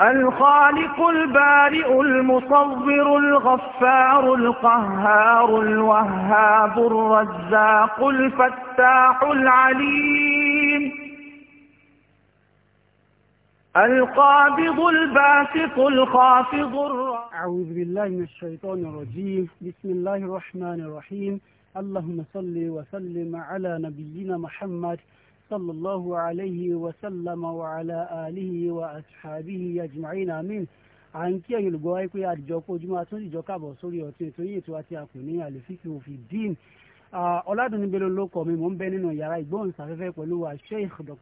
الخالق البارئ المصور الغفار القهار الوهاب الرزاق الفتاح العليم القابض الباسط الخافض أعوذ بالله من الشيطان الرجيم بسم الله الرحمن الرحيم اللهم صل وسلم على نبينا محمد صلى الله عليه وسلم وعلى آله وأصحابه أجمعين آمين عن ń kí ẹ̀yin olùgbọ́ وجماعة pé àdìjọ kó ojúmọ́ أكوني على káàbọ̀ sórí الدين ètò yìí ètò àti àpò ní àlèfíkì òfin dín ọ̀làdùnní bẹ́ẹ̀ ló ló kọ́ mi mò ń bẹ nínú yàrá ìgbóhùnsáfẹ́fẹ́ pẹ̀lú wa Sheikh Dr.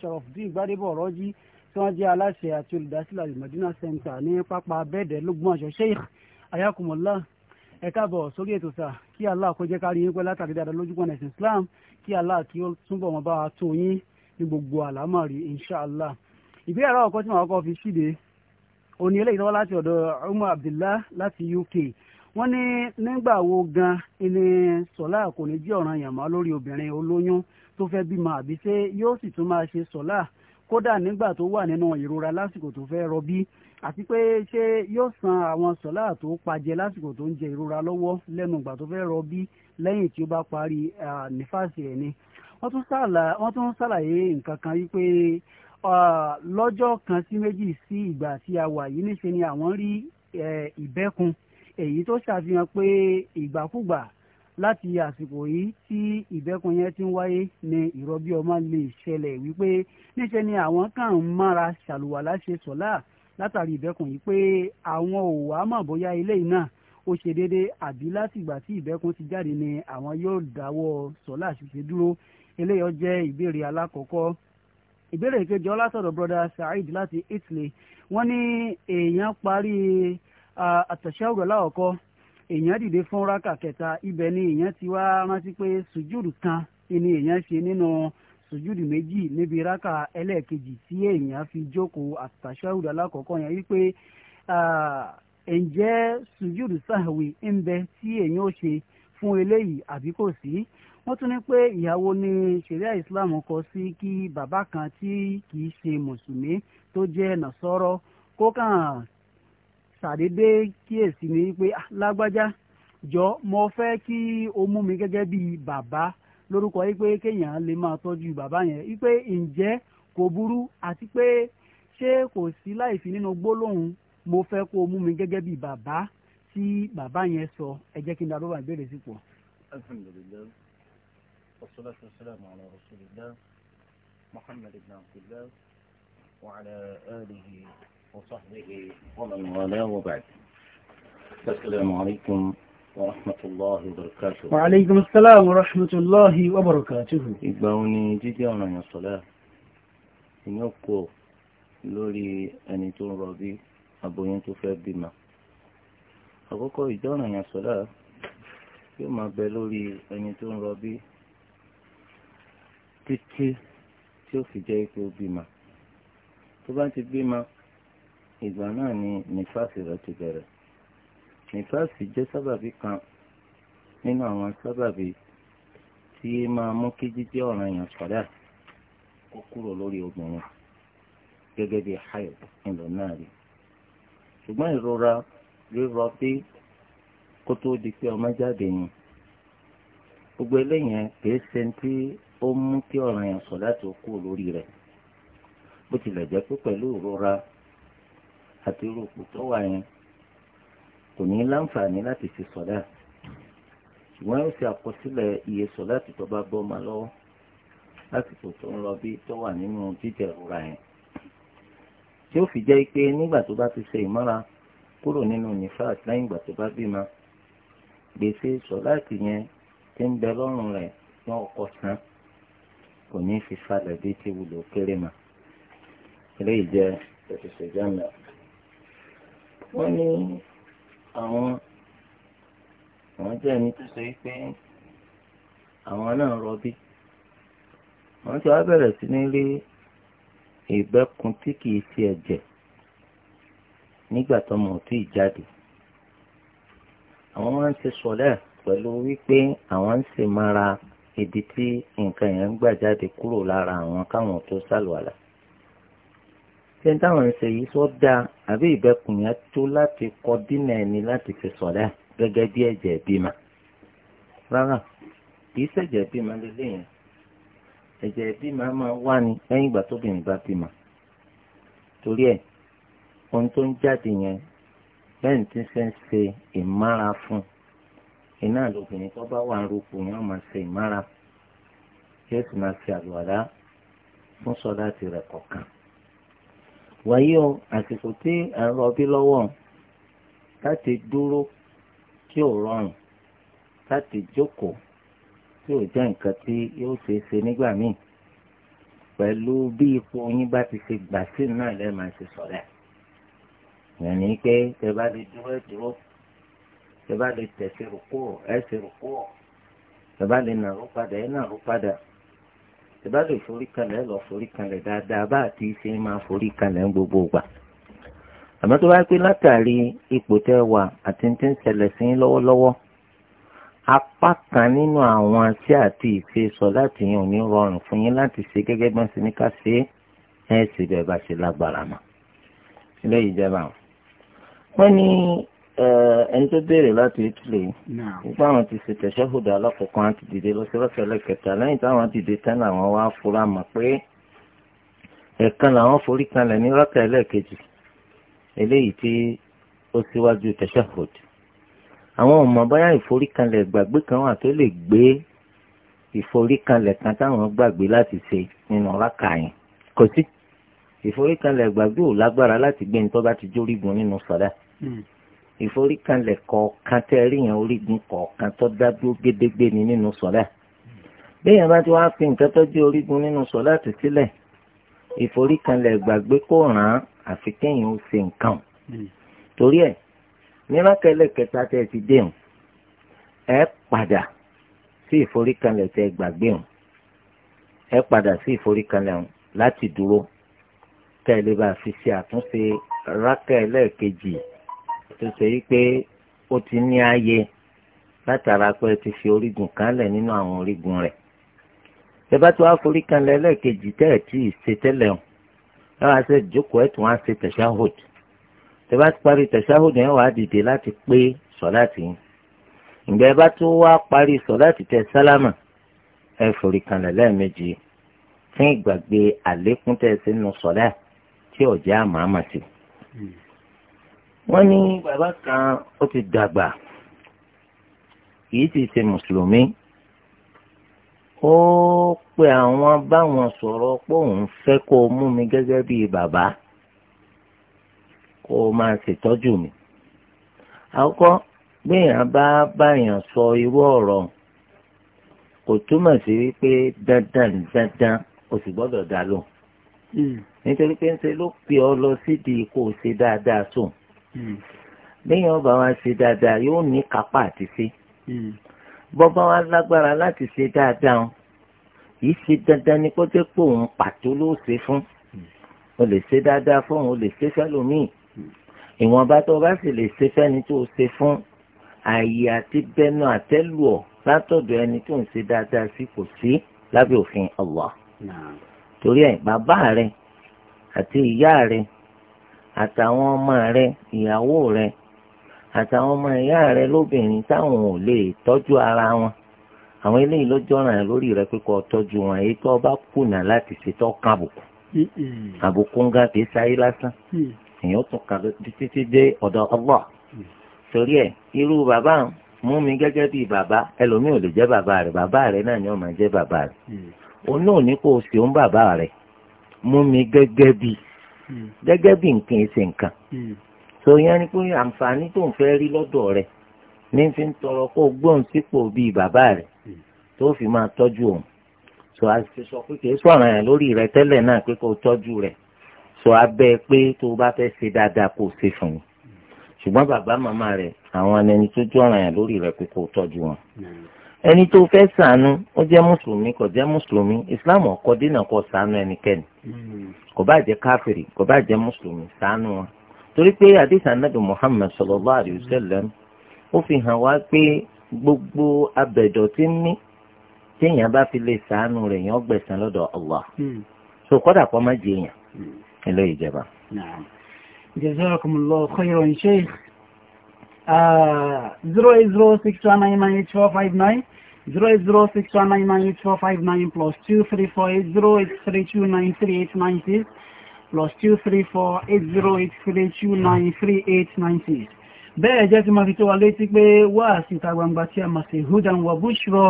Sharafdeen Gbadebo Ọ̀rọ́jí tí wọ́n jẹ́ aláṣẹ àti olùdásílẹ̀ alimọ̀dínà center ní pápá bẹ́ẹ̀dẹ̀ lógún ọ̀ṣọ́ Sheikh ayakumullah ẹ káàbọ̀ sórí ètò sáà kí allah kó jẹ́ ká rí yín pé látàrí dáadáa lójúkọ̀nà ẹ̀sìn islam kí allah kí ó túbọ̀ mọ́ bá a tó yín ní gbogbo àlámọ̀rí inshàlá ìbéèrè ọkọ tí màá kọ́ fi ṣíde òní eléyìí tọ́wọ́ láti ọ̀dọ̀ umar abdullah láti uk wọ́n ní nígbà wo gan ni sọ́lá kò ní jẹ́ ọ̀ràn yàmá lórí obìnrin olóyún tó fẹ́ bímọ àbí ṣé yóò sì tún máa ṣe sọ́lá kódà nígbà tó wà nínú ìrora lásìkò tó fẹ́ rọbí àti pé ṣé yóò san àwọn sọ́lá tó pajẹ lásìkò tó ń jẹ ìrora lọ́wọ́ lẹ́nu ìgbà tó fẹ́ rọbí lẹ́yìn tí ó bá parí nífàsì ẹ̀ ni wọ́n tún ṣàlàyé nǹkan kan wípé lọ́jọ́ kan sí méjì sí ìgbà tí a wà yìí níṣe ni àwọn rí ìbẹ́kun èyí tó ṣàfihàn pé ìgbàkúgbà láti àsìkò yìí tí ìbẹ́kun yẹn ti ń wáyé ni ìrọbí ọmọ lè ṣẹlẹ̀ wípé níṣe ni àwọn kàn ń mára ṣàlùwàlá ṣe sọ̀lá látàrí ìbẹ́kùn yìí pé àwọn ò wá mọ̀ bóyá eléyìí náà ó ṣe déédéé àbí látìgbà tí ìbẹ́kùn ti jáde ni àwọn yóò dáwọ́ sọ́lá ṣiṣẹ́ dúró eléyìí ó jẹ́ ìbéèrè alákọ̀ọ́kọ́ ìbéèrè kejì ọlásọ̀rọ̀ brother saheed láti Italy wọ́n ní èèyàn parí àtẹ̀sẹ́wòrán láwọ̀kọ́ èèyàn dìde fún rákà kẹta ibẹ̀ ni èèyàn ti wá rántí pé sùjúdù kan ni èèyàn ṣe nínú sùjúdù méjì níbi rákà ẹlẹ́ẹ̀kejì tí èèyàn fi jókòó àtàṣàhùdù alákọ̀ọ́kọ́ yẹn wípé ǹjẹ́ sùjúdù sàhwì ń bẹ tí èèyàn ó ṣe fún eléyìí àbí kò sí wọ́n tún ní pé ìyàwó ni ṣẹ̀ríà islam kọ sí kí bàbá kan tí kìí ṣe mùsùlùmí tó jẹ́ nàṣọ́rọ́ kó kàn ṣàdédé kíyèsí ni pé ah, lágbájá jọ mo fẹ́ kí o mú mi gẹ́gẹ́ bíi bàbá lórúkọ yìí pé kéèyàn lè máa tọ́jú bàbá yẹn yìí pé ǹjẹ́ kò burú àti pé ṣé kò sí láìfi nínú gbólóhùn mo fẹ́ kó o mú mi gẹ́gẹ́ bí bàbá tí bàbá yẹn sọ ẹ jẹ́ kí n darúgbà ìbéèrè sípò. alhamdulillah wassalatu wassalamu ورحمة الله وبركاته وعليكم السلام ورحمة الله وبركاته ìgbà wo ni jíjẹ́ ọ̀ranyàn sọ́lá ìyẹn kò lórí ẹni tó ń rọbí aboyún tó fẹ́ bímọ àkókò ìjẹ́ ọ̀ranyàn sọ́lá yóò máa bẹ lórí ẹni tó ń rọbí títí tí ó fi jẹ́ pé ó bímọ tó bá ti bímọ ìgbà náà ni nífàsì rẹ̀ ti bẹ̀rẹ̀. nífàsì jẹ́ sábàbí kan nínú àwọn sábàbí tí máa mú kí jíjẹ́ ọ̀ràn èèyàn sọ̀dá kó kúrò lórí obìnrin gẹ́gẹ́ bí hayo ńlọ náà rí ṣùgbọ́n ìrora rírọ bí kó tó di pé ọmọ jáde ni gbogbo eléyẹn kìí ṣe tí ó mú kí ọ̀ràn èèyàn sọ̀dá tó kúrò lórí rẹ̀ bó tilẹ̀ jẹ́ pé pẹ̀lú ìrora àti irú òkú tó kò ní láǹfààní láti ṣe sọ̀dá ṣùgbọ́n yóò ṣe àkọsílẹ̀ iye sọ̀dá tó bá bọ́ ọmọ lọ́wọ́ lásìkò tó ń lọ bí tó wà nínú jíjẹ ìrora yẹn tí ó fi jẹ́ pé nígbà tó bá ti ṣe ìmọ́ra kúrò nínú nifas lẹ́yìn ìgbà tó bá bímọ gbèsè sọ̀láàtì yẹn ti ń bẹ lọ́rùn rẹ̀ ní ọkọ̀ san kò ní fi falẹ̀ bí ti wùlò kéré mà eléyìí jẹ́ ìṣèjọ́nà wọ́n ní àwọn àwọn jẹ́ ẹni tó sọ pé àwọn náà rọbí wọ́n ti wá bẹ̀rẹ̀ sí ní rí ìbẹ́kun tí kìí ti ẹ̀jẹ̀ nígbà tó mọ̀ tí ì jáde àwọn máa ń ṣe sọ̀lẹ́ pẹ̀lú wípé àwọn ń ṣe mara ibi tí nǹkan yẹn ń gbà jáde kúrò lára àwọn káwọn tó sálùwàlà. ṣé táwọn ń ṣe yìí sọ dáa àbí ìbẹ̀kùn tó láti kọ dínà ẹni láti fi sọ̀dá gẹ́gẹ́ bí ẹ̀jẹ̀ bímọ. rárá kì í ṣẹ̀jẹ̀ bímọ lélẹ̀ ẹ̀jẹ̀ bímọ máa wà ní ìgbà ohun tó ń jáde yẹn lẹ́yìn tí ṣe ń ṣe ìmára fún iná lóbìnrin tó bá wà ń yẹn máa ṣe ìmára sì máa wàyí o àsìkò tí à ń rọbí lọ́wọ́ láti dúró tí ò rọrùn láti jókòó tí ò jẹ́ nǹkan tí yóò ṣe é ṣe nígbà míì pẹ̀lú bí ipò yín bá ti ṣe gbà sí náà lẹ́ẹ̀ máa ṣe sọ̀rọ̀ ẹ̀. ìyẹn ni pé tẹ bá lè dúró dúró tẹ bá lè tẹ̀sí rùkú ẹ̀ ṣe rùkú tẹ bá lè nàró padà ẹ̀ nàró padà ìbáṣe forí kalẹ̀ lọ forí kalẹ̀ dáadáa bá àti ṣe máa forí kalẹ̀ ń gbogbo gbà àmọ́ tó bá pé látàrí ipò tẹ́ wà àti tí ń ṣẹlẹ̀ sí lọ́wọ́lọ́wọ́ apá kan nínú àwọn àti àti ìṣe sọ láti yàn ní rọrùn fún yín láti ṣe gẹ́gẹ́ bá ń ṣe ní ká ṣe é ẹ̀ sì bẹ̀ bá ṣe lágbára mọ́ ilé ìjẹba wọn ni ẹni tó béèrè láti Italy nípa àwọn ti ṣe tẹ̀sẹ́hùdà alákọ̀ọ́kan àti dìde lọ́sẹ̀lọ́sẹ̀ lẹ́kẹta lẹ́yìn táwọn dìde tán làwọn wá fura mọ̀ pé ẹ̀ẹ̀kan làwọn forí kanlẹ̀ ní rákà ẹlẹ́ẹ̀kejì eléyìí tí ó síwájú tẹ̀sẹ́hùd àwọn ọmọ báyà ìforíkanlẹ̀ gbàgbé kan wà tó lè gbé ìforíkanlẹ̀ kan táwọn gbàgbé láti ṣe nínú rákà yẹn kò sí ìforíkanlẹ̀ gbàgbé ò lágbára láti gbé ní tó bá ti jórígun nínú sọ̀dá. Hmm ìforíkanlẹ̀ kọ̀ọ̀kan tẹ́ rí yẹn orígun kọ̀ọ̀kan tó dádúró gédégbé ni nínú sọ̀lá béèyàn bá ti wá fi nǹkan tó jẹ́ orígun nínú sọ̀lá ti sílẹ̀ ìforíkanlẹ̀ gbàgbé kó ràn án àfi kéèyàn ó ṣe nǹkan hmm. torí ẹ̀ nílákẹ́lẹ̀ kẹta tẹ́ ti dé hàn ẹ padà sí ìforíkanlẹ̀ tẹ́ gbàgbé hàn ẹ padà sí ìforíkanlẹ̀ hàn láti dúró tẹ́ ẹ lè bá fi ṣe àtúnṣe rákẹ́lẹ̀ kejì tó ṣe yí pé ó ti ní ààyè látara pé ti fi orígun kan lẹ̀ nínú àwọn orígun rẹ̀ ẹ bá tó wá forí kan lẹ̀ lẹ́ẹ̀kejì tẹ́ ẹ̀ tí ì ṣe tẹ́lẹ̀ o ẹ wá ṣe jókòó ẹ̀ tún wá ṣe tẹ̀ṣáhùd ẹ bá ti parí tẹ̀ṣáhùd yẹn wàá dìde láti pé sọ̀láàtì yín ìgbà ẹ bá tó wá parí sọ̀láàtì tẹ̀ sálámà ẹ forí kan lẹ́ẹ̀mejì fún ìgbàgbé àlékún tẹ̀ sínú sọ̀láàtì tí ọ̀jẹ̀ àmọ́ àmọ́ sí wọ́n ní bàbá kan ó ti dàgbà kìí ti ṣe mùsùlùmí ó pe àwọn báwọn sọ̀rọ̀ pé òun fẹ́ kó o mú mi gẹ́gẹ́ bíi bàbá kó o máa ṣètọ́jú mi àkọ́kọ́ gbéyàn bá báyàn sọ irú ọ̀rọ̀ kò túmọ̀ sí wípé dandan dandan o sì gbọ́dọ̀ dá lò hmm. nítorí pé ń ṣe ló pè ọ́ lọ sídìí kó o ṣe dáadáa sóun lẹ́yìn hmm. ọba wa ṣe dáadáa yóò ní kápá àti ṣe hmm. bọ́bá wa lágbára láti ṣe dáadáa yìí ṣe dandan ni kó jẹ́ pé òun pàtó ló ṣe fún hmm. o lè ṣe dáadáa fún òun o lè ṣe fẹ́lòmíì ìwọ̀nba tó o bá sì lè ṣe fẹ́ni tó o ṣe fún ààyè àti bẹnu àtẹ́lù ọ̀ látọ̀dọ̀ ẹni tó ń ṣe dáadáa sí kò sí lábẹ́ òfin Allah torí ẹ̀ bàbá rẹ àti ìyá rẹ àtàwọn ọmọ rẹ ìyàwó rẹ àtàwọn ọmọ ìyá rẹ lóbìnrin táwọn ò lè tọ́jú ara wọn àwọn eléyìí ló jọràn ẹ lórí rẹ pé kó tọ́jú wọn èyí tó bá kùnà láti ṣètò kan àbùkù mm-hmm. àbùkù ń ga kì í sáyé lásán èèyàn mm-hmm. tún kà títí dé ọ̀dọ̀ Allah torí ẹ irú bàbá mú mi gẹ́gẹ́ bíi bàbá ẹlòmíì ò lè jẹ́ bàbá rẹ bàbá rẹ náà ni ó máa jẹ́ bàbá rẹ mm-hmm. òun náà ní kó o sì ń bàbá rẹ mú mi gẹ́gẹ́ bíi gẹ́gẹ́ bí nǹkan ẹsẹ̀ nǹkan hmm. so yẹn ni pé àǹfààní tó ń fẹ́ rí lọ́dọ̀ rẹ̀ ní fi ń tọrọ kó gbóhùn sípò bíi bàbá rẹ̀ hmm. tó fi máa tọ́jú òun so a ti sọ pé kìí sọ̀rọ̀ yẹn lórí rẹ̀ tẹ́lẹ̀ náà pé kó tọ́jú rẹ̀ so abẹ́ pé tó o bá fẹ́ ṣe dáadáa kó o ṣe fún un ṣùgbọ́n bàbá màmá rẹ̀ àwọn ẹni tó jọ̀ràn yẹn lórí rẹ̀ pé kó tọ́jú wọn. Hmm ẹni tó fẹ́ sànú ó jẹ́ mùsùlùmí kò jẹ́ mùsùlùmí islam ọkọ dínà kó sànú ẹnikẹ́ni hmm. kò bá jẹ́ káfìrì kò bá jẹ́ mùsùlùmí sànú wọn. torí pé adisa nabi muhammed sallallahu alayhi wa sallam ó fi hàn wá pé gbogbo abẹ̀dọ̀ tí ń mí téèyàn bá fi lè sànú rẹ̀ yàn gbẹ̀sán lọ́dọ̀ allah hmm. so kọ́dà kọ́ má jẹ èèyàn ẹ lóye ìjẹba. jazakumullahu khairan sheikh. 08061998459, 08061998459 plus 2348083293896 plus 2348083293896. Bẹ́ẹ̀ jẹ́ tí ma fi tó wa létí pé wá síta gbangba tí a máa ṣe Hudan wa Bushro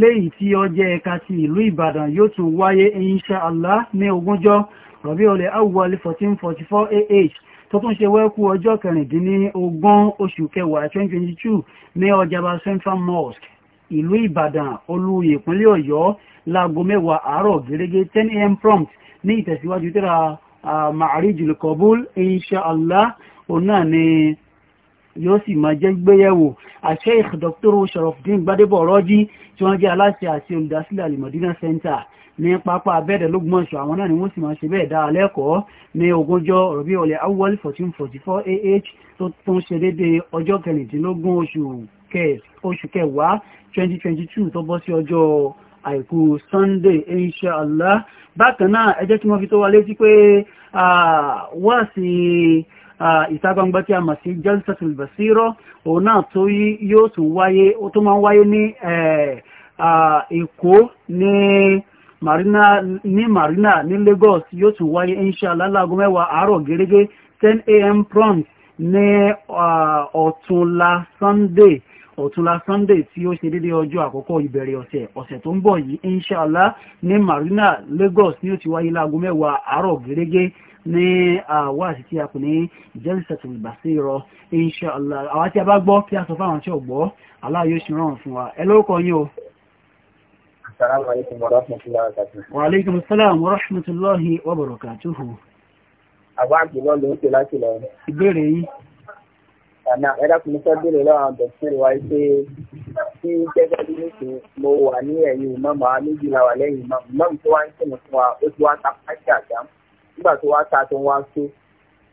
léyìí tí ó jẹ́ ẹ̀ka ti ìlú Ìbàdàn yóò tún wáyé insha Allah ní ogúnjọ́ Rabiul Awwal 1444 AH tó tún ṣe wẹ́kú ọjọ́ kẹrìndínlẹ́ ogún oṣù kẹwàá 2022 ní ọjàba central mosque ìlú ìbàdàn olú ìpínlẹ̀ ọ̀yọ́ láago mẹ́wàá àárọ̀ gẹ́gẹ́ 10am prompt ní ìtẹ̀síwájú tírà ma'arijul qabul insha'allah òun náà ni yóò sì máa jẹ́ gbéyẹ̀wò Sheikh Dr. Sharafdin Gbadebo Rọ́jí tí wọ́n jẹ́ aláṣẹ àti olùdásílẹ̀ Al-Madina Center ní pápá abẹ́ẹ̀dẹ̀ lógbọ́nṣọ́ àwọn náà ni wọ́n sì máa ṣe bẹ́ẹ̀ dára lẹ́kọ̀ọ́ ní ogúnjọ́ rọ̀bí ọ̀lẹ̀ awwal 1444 AH tó tún ṣe déédéé ọjọ́ kẹrìndínlógún oṣù kẹwàá 2022 tó bọ́ sí ọjọ́ àìkú Sunday inshallah bákan náà ẹ jẹ́ kí wọ́n fi tó wa létí pé wá sí ìta gbangba tí a mọ̀ sí jalsatul basira òun náà tó yóò tún wáyé ó tó máa wáyé ní Èkó ní marina ní marina ní Lagos yóò tún wáyé inshallah láago mẹ́wàá àárọ̀ gẹ́gẹ́ 10am prompt ní uh, ọ̀túnla Sunday ọ̀túnla Sunday tí ó ṣe dédé ọjọ́ àkọ́kọ́ ìbẹ̀rẹ̀ ọ̀sẹ̀ ọ̀sẹ̀ tó ń bọ̀ yìí inshallah ní marina Lagos ni ó ti wáyé láago mẹ́wàá àárọ̀ gẹ́gẹ́ ní uh, àwọ̀ àti tí a kò ní jẹ́rìsẹ̀tì ìbàṣírọ inshallah àwọn tí a bá gbọ́ kí a sọ fáwọn tí ò gbọ́ aláyọ̀ ṣe rán fún wa ẹ lórúkọ yín o. السلام عليكم ورحمة الله وبركاته وعليكم السلام ورحمة الله وبركاته àbá àgbélọ́ ló ń pè láti lọ. ìbéèrè yìí. àná ẹ̀dá kò ní fẹ́ béèrè lọ́wọ́ àwọn dọ̀tíìrì wa pé tí gẹ́gẹ́ bí nìkan mo wà ní ẹ̀yìn ìmọ̀mọ́ àwọn méjìlá wà lẹ́yìn ìmọ̀mọ́ ìmọ̀mọ́ tó wá ń sìn fún wa ó ti wá ta pàṣẹ àjá nígbà tó wá ta tó wá tó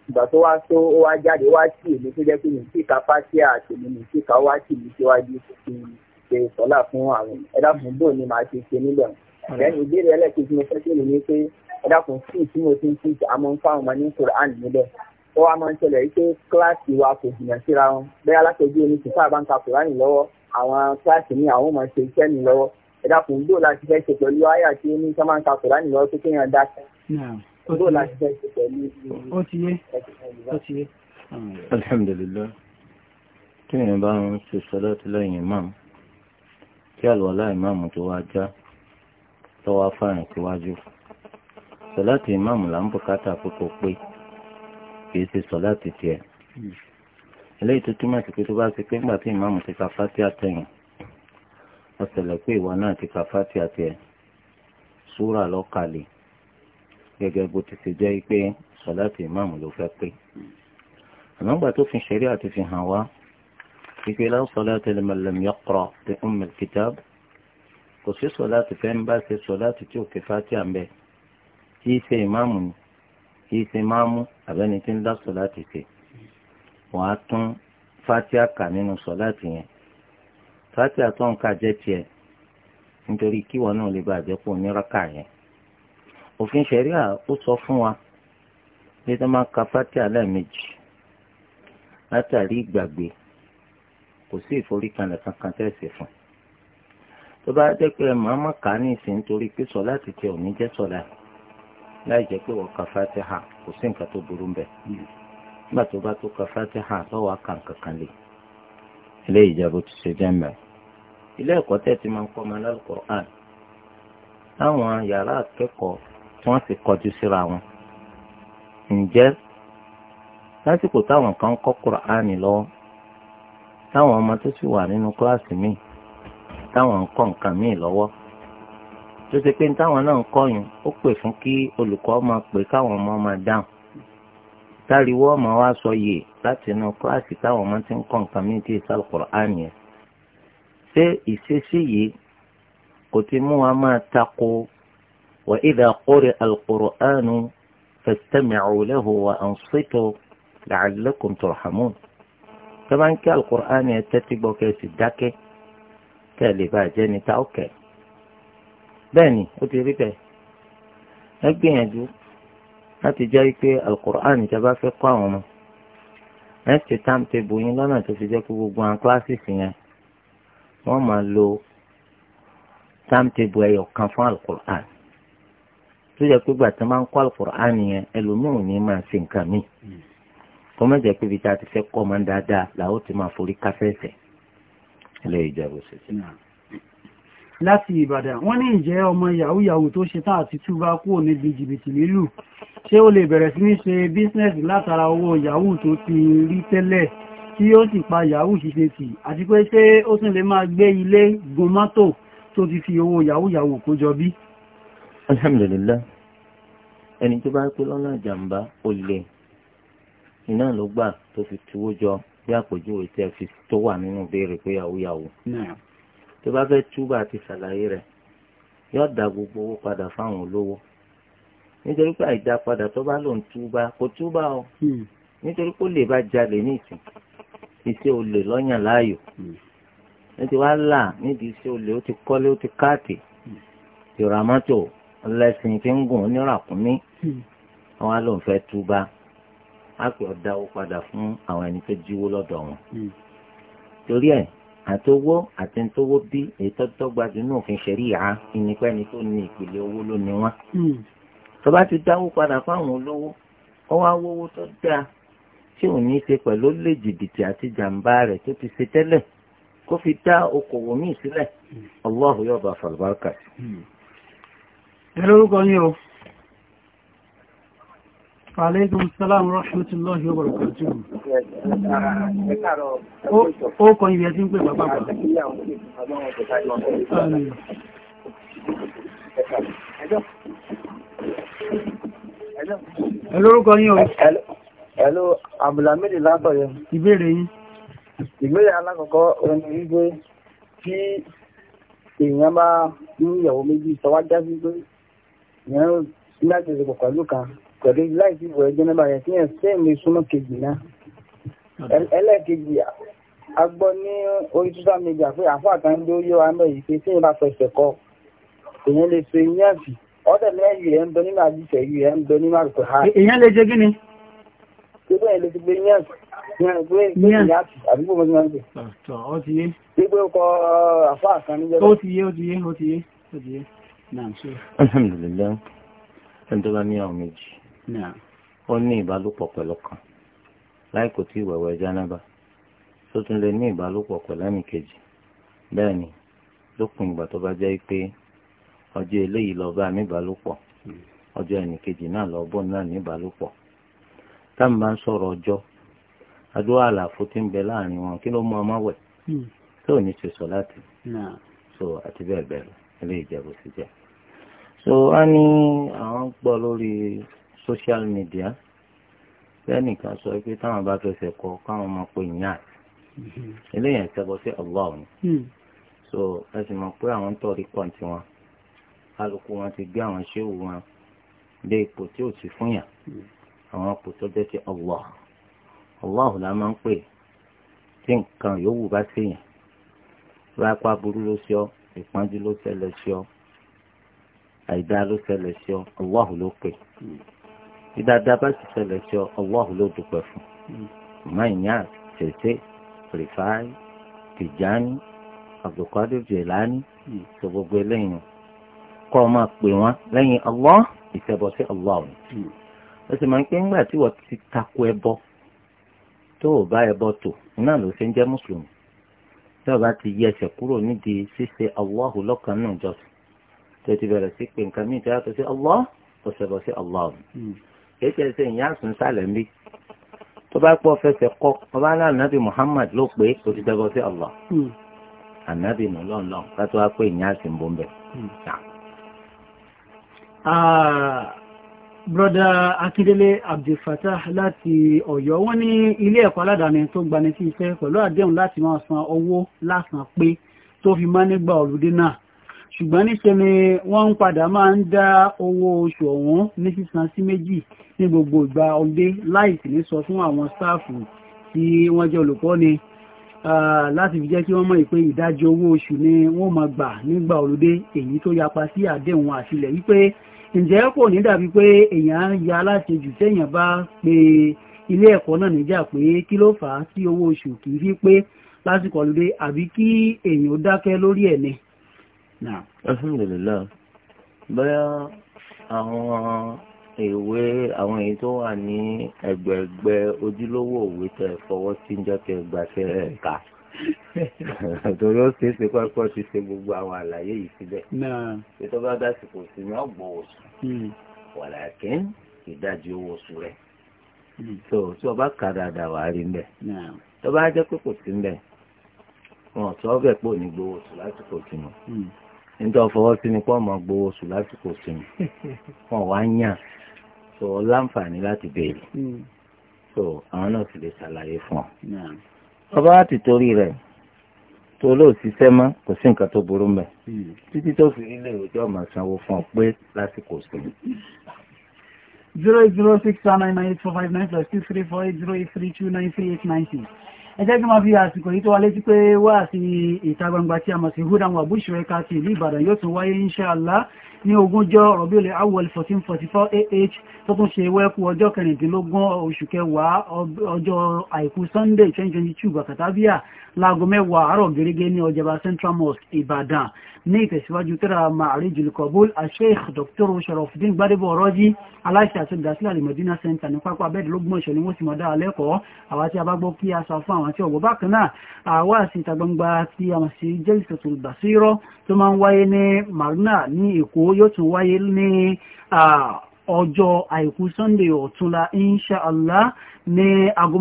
ìgbà tó wá tó ó wá jáde wá tì èmi tó jẹ́ pé mi kì í pàṣẹ àtẹ̀mí mi kì í wá tì mí síwájú ṣe sọ́lá fún àwọn ẹ̀dá fún bò ní màá ti ṣe níbẹ̀ lẹ́yìn ìbéèrè ẹlẹ́kejì mo fẹ́ kéde ní pé ẹ̀dá fún sí tí mo ti ń fi àmọ́ ń fáwọn ọmọ ní Quran níbẹ̀ ó wá máa ń ṣẹlẹ̀ wípé kíláàsì wa kò jìnnà síra wọn bẹ́ẹ̀ alákejì omi kìí sábà ń ka Quran lọ́wọ́ àwọn kíláàsì ní àwọn ọmọ ṣe iṣẹ́ mi lọ́wọ́ ẹ̀dá fún láti fẹ́ ṣe pẹ̀lú àyà tí ó ní sábà ń ka Quran lọ́wọ́ tó kéèyàn dá bò ó ti yé ó ti yé. alhamdulillah kí ni bá ń ṣe sọ́dọ̀ tí lẹ́yìn imam tí àlùwàlá ìmáàmù tó wá já tọ́wá fáyìn síwájú sọláàtì ìmáàmù là ń bùkátà kókó pé kìí ṣe sọláàtì tiẹ̀ eléyìí tó túmọ̀ sí pé tó bá ṣe pé ńgbà tí ìmáàmù ti ka fátí àtẹ̀yìn ọ̀sẹ̀lẹ̀ pé ìwà náà ti ka fátí àtẹ̀ súrà lọ́kàlẹ̀ gẹ́gẹ́ bó ti ṣe jẹ́ pé sọláàtì ìmáàmù ló fẹ́ pé àmọ́ ńgbà tó fi ṣeré àti fi hàn wá wípé la salata liman lam yaqra' bi ummil kitab kò sí sọ̀láàtì fẹ́ ń bá ṣe sọ̀láàtì tí òkè fatiha ń bẹ̀ kì í ṣe ìmáàmù ni kì í ṣe máàmù àbẹ́ni tí ń dá sọ̀láàtì ṣe wọ́n á tún fatiha kà nínú sọ̀láàtì yẹn fatiha tó ń kà jẹ́ tiẹ̀ nítorí kíwọ náà lè bá àjẹpọ̀ oníraka yẹn òfin ṣẹ̀ríà ó sọ fún wa pé tó máa ka fatiha lẹ́ẹ̀mejì látàrí ìgbàgbé kò sí ìforíkanlẹ̀ kankan tẹ̀sí fún tó bá jẹ́ pé màmá kà á ní ìsìn torí pé sọ láti tẹ òní jẹ́ sọ láì láì jẹ́ pé wọ́n ka fatiha kò sí nǹkan tó burú bẹ́ẹ̀ nígbà tó bá tó lọ́wọ́ kankan lè ilé ìjẹ́bù ti ṣe jẹ́ mẹ́rin ilé ẹ̀kọ́ tẹ̀ ti máa ń kọ́ ọmọ yàrá akẹ́kọ̀ọ́ tí wọ́n kọjú síra wọn ǹjẹ́ lásìkò táwọn kan táwọn ọmọ tó sì wà nínú kíláàsì míì táwọn ń kọ́ nǹkan míì lọ́wọ́ tó ṣe pé táwọn náà ń kọ́ yẹn ó pè fún kí olùkọ́ máa pè káwọn ọmọ máa dáhùn táriwọ́ ọmọ wa sọ yè láti inú kíláàsì táwọn ọmọ ti ń kọ́ nǹkan míì tí ìsàl Qur'an yẹn ṣé ìṣesí yìí kò ti mú wa máa tako wa idha quri'a al-Qur'anu fastami'u lahu wa ansitu la'allakum turhamun tó bá ń kí alukur'ani ẹ tẹ́tí gbọ́ kẹ́ ẹ sì dákẹ́ kẹ́ ẹ lè bá jẹ́ níta ọ̀kẹ́ bẹ́ẹ̀ ni ó ti rí bẹ́ẹ̀ ẹ gbìyànjú láti jẹ́ pé alukur'ani tẹ́ bá fẹ́ kọ́ àwọn ọmọ ẹ ti táǹtẹ̀bù yín lọ́nà tó fi jẹ́ pé gbogbo àwọn kíláàsìsì yẹn wọ́n máa lo táǹtẹ̀bù ẹyọ kan fún alukur'ani tó yẹ pé gbàtà máa ń kọ́ alukur'ani yẹn ẹlòmíràn ní máa ṣe nǹkan míì kó má jẹ́ pé ibi tá a ti fẹ́ kọ́ máa ń dáadáa làwọn ti máa forí kásẹ̀sẹ̀ ilé ìjọba òṣèlú. láti ìbàdàn wọ́n ní ìjẹ́ ọmọ yahoo yahoo tó ṣe tán àti túbá kúrò níbi jìbìtì lílù ṣé ó lè bẹ̀rẹ̀ sí ní ṣe bísínẹ́sì látara owó yahoo tó ti rí tẹ́lẹ̀ tí ó sì pa yahoo ṣiṣẹ́ tì àti pé ṣé ó tún lè máa gbé ilé gun mọ́tò tó ti fi owó yahoo yahoo kó jọ bí. alhamdulillah ẹni tó bá pé lọ́nà ìjàmbá ó lè iná ló gbà tó fi tuwó jọ bí àpèjúwe tí ẹ fi tó wà nínú béèrè pé yàwóyàwó. tó bá fẹ́ túbà àti ṣàlàyé rẹ̀ yóò dá gbogbo owó padà fáwọn olówó nítorí pé àìdá padà tó bá lòun túbà kò túbà o hmm. nítorí pé ó lè bá jalè ní ìsìn iṣẹ́ olè lọ́yàn láàyò ní hmm. ti wá là nídìí iṣẹ́ olè ó ti kọ́lé ó ti káàtì tìrámọ́tò hmm. ọlẹ́sìn tí ń gùn ó ní ràkúnmí wọn á lóun fẹ́ túbà á pè ọ́ dáwó padà fún àwọn ẹni tó jíwó lọ́dọ̀ wọn. Hmm. torí ẹ̀ àtowó àti ntowó bí ètò tọ́gbàdì náà fi ṣẹ̀rí ìhà ìnípa ẹni tó ní ìpìlẹ̀ owó ló ní wọn. Hmm. tó bá ti dáwó padà fáwọn olówó ó wá wówó tó dáa tí ò ní ṣe pẹ̀lú lè jìbìtì àti jàǹbá rẹ̀ tó ti ṣe tẹ́lẹ̀ kó fi dá okòwò míì sílẹ̀ hmm. Allahu yóò bá fàlùbáràkà. ẹ lórúkọ yín o. Alaikum salam rahmatullahi wa barakatuhu. Ó kọ ìyẹ̀ tí ń pè bàbá bà. Ẹ̀lú orúkọ yín o. Ẹ̀lú Abdulhamid látọ̀yọ. Ìbéèrè yín. Ìbéèrè alákọ̀ọ́kọ́ orin wípé tí èèyàn bá ní ìyàwó méjì sọ wá já sí pé ìyẹn ń láti ìrìnbọ̀ pẹ̀lú kan pẹ̀lú láìsí ìwẹ̀ jẹ́nẹ́bà yẹn kí yẹn sẹ́ẹ̀mì súnmọ́ kejì náà ẹlẹ́ẹ̀kejì a gbọ́ ní orí social media pé àfọ́ àtàndé ó yọ amẹ́ yìí pé sẹ́yìn bá sọ ìṣẹ̀ kọ́ èèyàn lè so ìyẹn fì ọ́dẹ̀ mẹ́rin rẹ̀ ń bẹ nínú àjíṣẹ́ yìí rẹ̀ ń bẹ nínú àrùkọ ha. E- èèyàn lè jẹ kí ni. ṣé bẹ́ẹ̀ lè ti gbé yẹn yẹn pé ìyá àdúgbò mo ti máa ń pè. Ah, tọ́ ọ ti yé. pé pé ó kọ àfọ́ àtàndé. ó ti yé ó ti yé ó ti yé ó ti yé. alhamdulilayi ẹni tó bá ní àwọn méjì ó ní ìbálòpọ̀ pẹ̀lú kan láì kò tí wẹ̀wẹ̀ jánábà tó tún lè ní ìbálòpọ̀ pẹ̀lú ẹnìkejì bẹ́ẹ̀ ni lópin ìgbà tó bá jẹ́ pé ọjọ́ eléyìí lọ bá níbálòpọ̀ ọjọ́ ẹnìkejì náà lọ bọ́ náà níbálòpọ̀ tá n bá ń sọ̀rọ̀ ọjọ́ adúlá àlàfo tí ń bẹ láàrin wọn kí ló mú ọmọ wẹ̀ hmm. tó ní ṣe sọ láti so àti bẹ́ẹ̀ bẹ́ẹ̀ lọ eléyìí jẹ́ bó ṣe jẹ́ so a ní àwọn gbọ́ lórí social media lẹ́nìkan sọ pé táwọn bá fẹsẹ̀ kọ káwọn máa pe ìyá rẹ̀ eléyàn sí Allah ni mm. so ẹ sì mọ̀ pé àwọn ń tọ̀rí kan tiwọn kálukú wọn ti gbé àwọn ṣéwù wọn dé ipò tí ò sí fún yàn mm. àwọn ipò tó jẹ́ ti Allah Allah la máa ń pè tí nǹkan yòówù bá ṣèyàn rápá burú ló ṣe ìpọ́njú ló ṣẹlẹ̀ ṣe àìdá ló ṣẹlẹ̀ ṣe ọ Allah ló pè. Mm tí dáadáa bá sì ṣẹlẹ̀ sí ọ Allah ló dúpẹ́ fún Mayinaz tètè rìfáì tìjáni Abdulkadir Jelani sọ gbogbo eléyìí kọ́ ọ máa pè wọ́n lẹ́yìn Allah ìṣẹbọ sí Allah ni ó sì máa ń pé ńgbà tí wọ́n ti takò ẹbọ tó o bá ẹbọ tò iná ló ṣe ń jẹ́ mùsùlùmí tí o bá ti yẹ ẹsẹ̀ kúrò nídìí ṣíṣe Allah lọ́kàn náà jọ́sìn tó ti bẹ̀rẹ̀ sí pé nǹkan mìíràn tó yàtọ̀ sí Allah ó ṣẹbọ sí Allah kìí ṣe ṣe ìyá sùn sálẹ̀ ń bí tó bá pọ̀ fẹsẹ̀ kọ́ ọba náà nàbì Muhammad ló pé o ti dẹ́gbọ́ sí Allah hmm. ànábì nù lọ́nlọ́ kátó wá pé ìyá sì ń bọ́ mbẹ́. broda Akíndélé Abdulfatah láti Ọ̀yọ́ wọn ní ilé ẹ̀kọ́ aládàáni tó gbani sí iṣẹ́ pẹ̀lú àdéhùn láti máa san owó lásán pé tó fi máa nígbà olùdé náà ṣùgbọ́n níṣe ni wọ́n ń padà máa ń dá owó oṣù ọ̀hún ní sísan sí méjì ní gbogbo ìgbà ọdẹ láì sì ní sọ fún àwọn sáàfù tí wọ́n jẹ́ olùkọ́ni láti fi jẹ́ kí wọ́n mọ̀ pé ìdajì owó oṣù ni wọ́n máa gbà nígbà olùdé èyí tó yapa sí àdéhùn àṣìlẹ̀ wípé ǹjẹ́ kò ní dàbí pé èèyàn ń ya aláṣejù téèyàn bá pe ilé ẹ̀kọ́ náà níjà pé kí ló fà á sí owó oṣù kì í fi pé lásìkò olùdé àbí kí èèyàn dákẹ́ lórí ẹ̀ ni alhamdulillah bóyá àwọn ìwé àwọn èyí tó wà ní ẹgbẹ̀ẹ̀gbẹ́ ojúlówó òwe tẹ fọwọ́ sí ń jẹ́ kẹ́ gbàṣẹ́ ẹ̀ka torí ó ṣeé ṣe pẹ́pẹ́ ti ṣe gbogbo àwọn àlàyé yìí síbẹ̀ ṣé tó bá dásìkò sí ni ọ̀gbọ̀n oṣù hmm. wàlàkín ìdajì owó oṣù rẹ̀ hmm. so tí ọba kà dáadáa wà á rí mbẹ tó bá jẹ́ pé kò sí mbẹ wọn ò sọ bẹ̀ pé ní gbowó oṣù lásìkò sí nítorí ọ̀fọwọ́ sí ni pọ́ ọmọ gbowó sùn lásìkò sinmi wọn wá ń yàn so láǹfààní láti béèrè hmm. so àwọn náà sì lè ṣàlàyé fún ọ. ọba láti torí rẹ̀ tó olóòṣìṣẹ́ mọ́ kò sí nǹkan tó burú mẹ́ hmm. títí tó fi nílé ìròjọ́ ọmọ sanwó fún ọ pé lásìkò sinmi. zero eight zero six one nine nine eight four five nine plus two three four eight zero eight three two nine three eight nine six ẹjẹ́ kí máa fi àsìkò yìí tó wa létí pé wá sí ìta gbangba tí a mọ̀ sí húdà wọn àbúṣe ẹ̀ka ti ìlú Ìbàdàn yóò tún wáyé inṣàlá ní ogúnjọ́ Rabiul Awwal 1444 AH tó tún ṣe wẹ́kú ọjọ́ kẹrìndínlógún oṣù kẹwàá ọjọ́ àìkú Sunday 2022 bàkàtàbíà láago mẹ́wàá àárọ̀ gẹ́gẹ́ ní ọjàbá central mosque ìbàdàn ní ìtẹ̀síwájú tẹ́ra Ma'arijul Qabul Sheikh Dr. Sharafdin Gbadebo Ọ̀rọ́jí aláṣẹ àti olùdásílẹ̀ alimọ̀dínà center ní pápá abẹ́ẹ̀dẹ́lógún ọ̀ṣẹ́ ni wọ́n sì mọ̀ dára lẹ́kọ̀ọ́ àwa tí a bá gbọ́ kí a sọ fún àwọn tí ọ̀gbọ́ bákan náà àwa a mọ̀ sí Jalsatul Basira tó máa ń wáyé ní Marina ní ọjọ́ àìkú Sunday ọ̀túnla insha ní aago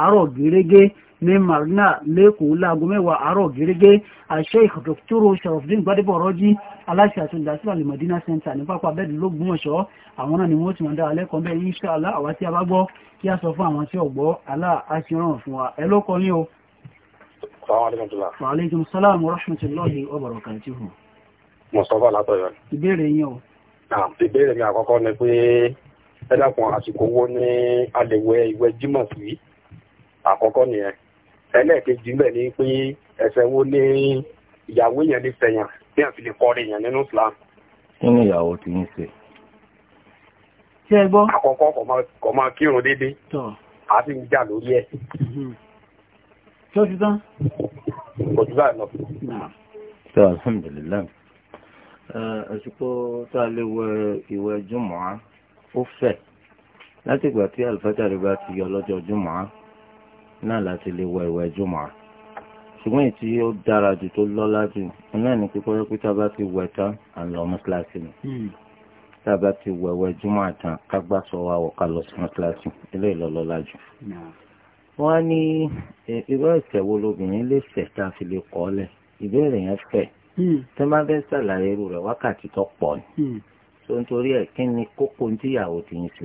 àárọ̀ gẹ́gẹ́ ní marina lẹ́kọ̀ọ́ láago mẹ́wàá àárọ̀ gẹ́gẹ́ Sheikh Dr. Sharafdin Gbadebo Ọ̀rọ̀jí aláṣẹ àti olùdásílẹ̀ alimọ̀dínà center ní pápá bẹ́ẹ̀dì lógúnmọ̀ṣọ́ àwọn náà ni wọ́n ti wọ́n dára lẹ́kọ̀ọ́ bẹ́ẹ̀ insha Allah àwa tí a bá gbọ́ kí a sọ fún àwọn tí ọ̀gbọ́ aláàṣíràn fún wa ẹ lọ́kọ ní o. Wa alaikum salam wa rahmatullahi wa barakatuhu. Mustapha látọ̀yọ̀. Ìbéèrè yín o. Ìbéèrè mi àkọ́kọ́ ni pé ẹ̀dàkùn àsìkò wo ni a lè wẹ ìwẹ̀ jímọ̀ sí àkọ́kọ́ nìyẹn ẹlẹ́ẹ̀kejì ń bẹ̀ ni pé ẹ̀ṣẹ̀ wo ni ìyàwó yẹn ní sẹ̀yàn bí àfi lè kọ́ ọ̀rẹ́ yẹn nínú Islam. kí ni ìyàwó ti ń ṣe. ṣé ẹ gbọ́. àkọ́kọ́ kò máa kírun déédéé a sì ń jà lórí ẹ̀. Mhm. ṣé o ti tán. kò jù báyìí lọ. ṣé alhamdulilayi àsìkò tá a lè wẹ ìwẹ̀ jùmọ̀ á ó fẹ̀ láti ìgbà tí alifájà rẹ̀ bá ti yọ lọ́jọ́ jùmọ̀ á náà láti lè wọ ìwẹ̀ jùmọ̀ ṣùgbọ́n èyí tí ó dára jù tó lọ́lá jù náà ní pípọ́ pé tá a bá ti wẹ̀ tán à ń lọ mọ́ṣáláṣí ni hmm. tá a bá ti wẹ̀ wẹ̀ jùmọ̀ àtàn ká gbà sọ wa wọ̀ ká lọ sí mọ́ṣáláṣí ilé ìlọ́lọ́lá jù. wọ́n á ní irú ẹ̀ṣẹ̀ wo lobìnrin lè ṣẹ̀ tá a fi lè kọ́ lẹ̀ ìbéèrè yẹn fẹ̀ tó má bẹ́ẹ̀ ṣàlàyé irú rẹ̀ wákàtí tó pọ̀ ni hmm. tó ń ẹ̀ kí ni kókó ní tíyàwó ti ń ṣe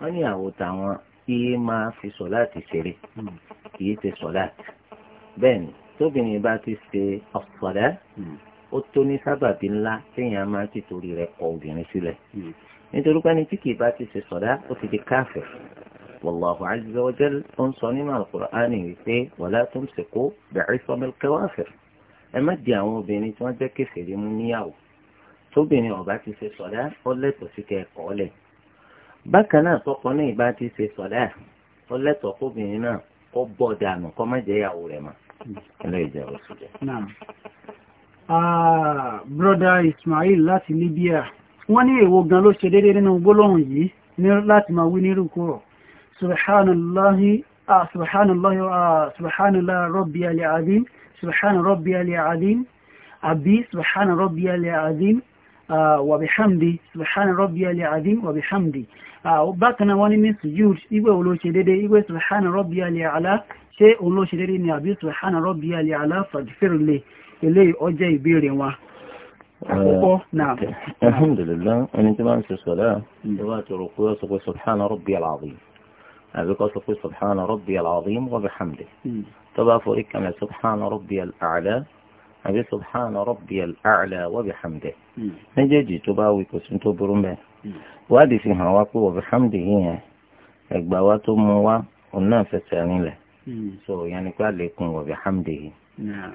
wọ́n níyàwó táwọn kí máa fi sọ̀láàtì ṣeré kì í ṣe sọ̀láàtì bẹ́ẹ̀ ni tóbìnrin bá ti ṣe ọ̀sọ̀lá ó tó ní sábàbí ńlá téèyàn máa ti torí rẹ̀ kọ obìnrin sílẹ̀ nítorí pé ní tí kì í bá ti ṣe sọ̀lá ó ti di káfẹ̀ wallahu azza wa jal ó ń sọ nínú al-Qur'ani wípé wala tumsiku bi'isam al-kawafir ẹ má di àwọn obìnrin tí wọ́n jẹ́ kèfèrí mú níyàwó tóbìnrin ọ̀bá ti ṣe sọ̀lá ó lẹ́tọ̀ọ́ sí kẹ́ẹ̀kọ́ lẹ́yìn bákan náà tọkùnrin ìbá ti ṣe sọ̀dá ọlẹ́tọ̀ kóbìnrin náà kó bọ̀ dànù kó má jẹ́ ìyàwó rẹ̀ mọ́ ẹlẹ́yìí jẹ́ oṣù jẹ́. broda Ismail láti Libya wọ́n ní èwo gan ló ṣe déédéé nínú gbólóhùn yìí láti máa wí nírú kúrò subhanallahi ah, subhanallahi ah, subhanallah rabbiyal azim subhana rabbiyal azim Abi subhana rabbiyal azim ah, wa bihamdi subhana rabbiyal azim wa bihamdi. باكنا واني من سجود إيوه ولوشي ديدي إيوه سبحان ربي علي على شيء ولوشي ديدي نعبي سبحان ربي علي على فاجفر لي إلي أجي بيرين واه نعم الحمد لله أنا أنت ما أنسى السلاة دوات الرقوة سبحان ربي العظيم هذا قصة تقول سبحان ربي العظيم وبحمده تبا فريك كما سبحان ربي الأعلى àbí subhana rabbiyal a'la wa bihamdihi hmm. méjèèjì tó bá wí kò sí tó burú mẹ́ hmm. wádìí fi hàn wá pé wa bihamdihi yẹn ẹgbà wa tó mú wá òun náà fẹsẹ̀ rinlẹ̀ hmm. so ìyẹn ni pé àlékún wa bihamdihi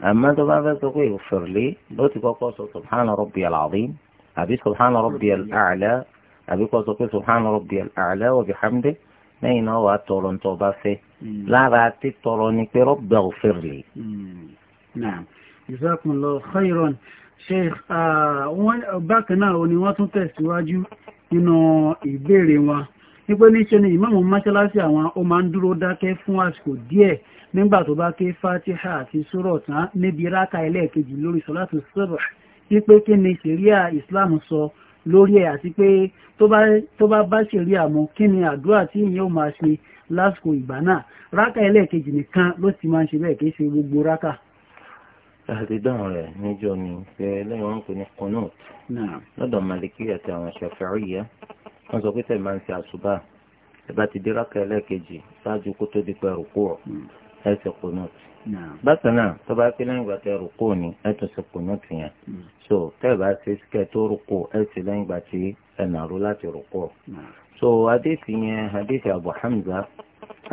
àmọ́ tó bá fẹ́ sọ pé òfìrìlẹ̀ ó ti kọ́kọ́ sọ subhana rabbiyal azim àbí subhana rabbiyal a'la àbí kọ́ sọ pé subhana rabbiyal a'la wa bihamdihi lẹ́yìn náà wàá tọrọ ntọ́ bá fẹ́ lára títọrọ ni pé rọ́bà òfìrìlẹ̀. Jazakumullahu khairan Sheikh uh, bákan náà ni wọ́n tún tẹ̀síwájú nínú ìbéèrè wọn nípa níṣẹ́ ni ìmáàmù mọ́ṣáláṣí àwọn ó máa ń dúró dákẹ́ fún àsìkò díẹ̀ nígbà tó bá ké fatiha àti sórọ̀ tán níbi ráka ẹlẹ́ẹ̀kejì lórí sọ́látù sọ́rọ̀ wípé kí ni ṣẹ̀ríà ìsìláàmù sọ lórí ẹ̀ àti pé tó bá bá ṣẹ̀ríà mu kí ni àdúrà tí ìyẹn ò máa ṣe lásìkò ìgbà náà ráka ẹlẹ́ẹ̀kejì nìkan ló ti máa ń ṣe bẹ́ẹ̀ kì í ṣe gbogbo ráka àdídáhùn rẹ̀ níjọ ni pé lẹ́yìn wọn kò ní kunut lọ́dọ̀ màlìkí àti àwọn ṣàfẹ́rìyẹ wọn sọ pé tẹ̀ máa ń ṣe àṣùbà ẹ bá ti dé rákà ẹlẹ́ẹ̀kejì ṣáájú kó tó di pé rúkú ọ̀ hmm. ẹ ṣe kunut. bákan náà tó bá pé lẹ́yìn ìgbà tẹ rúkú ni ẹ tún ṣe kunut yẹn hmm. so tẹ́ ẹ bá ṣe kẹ́ tó rúkú ẹ ṣe lẹ́yìn ìgbà tí ẹ nàró láti rúkú. so hadith yẹn hadith Abu Hamza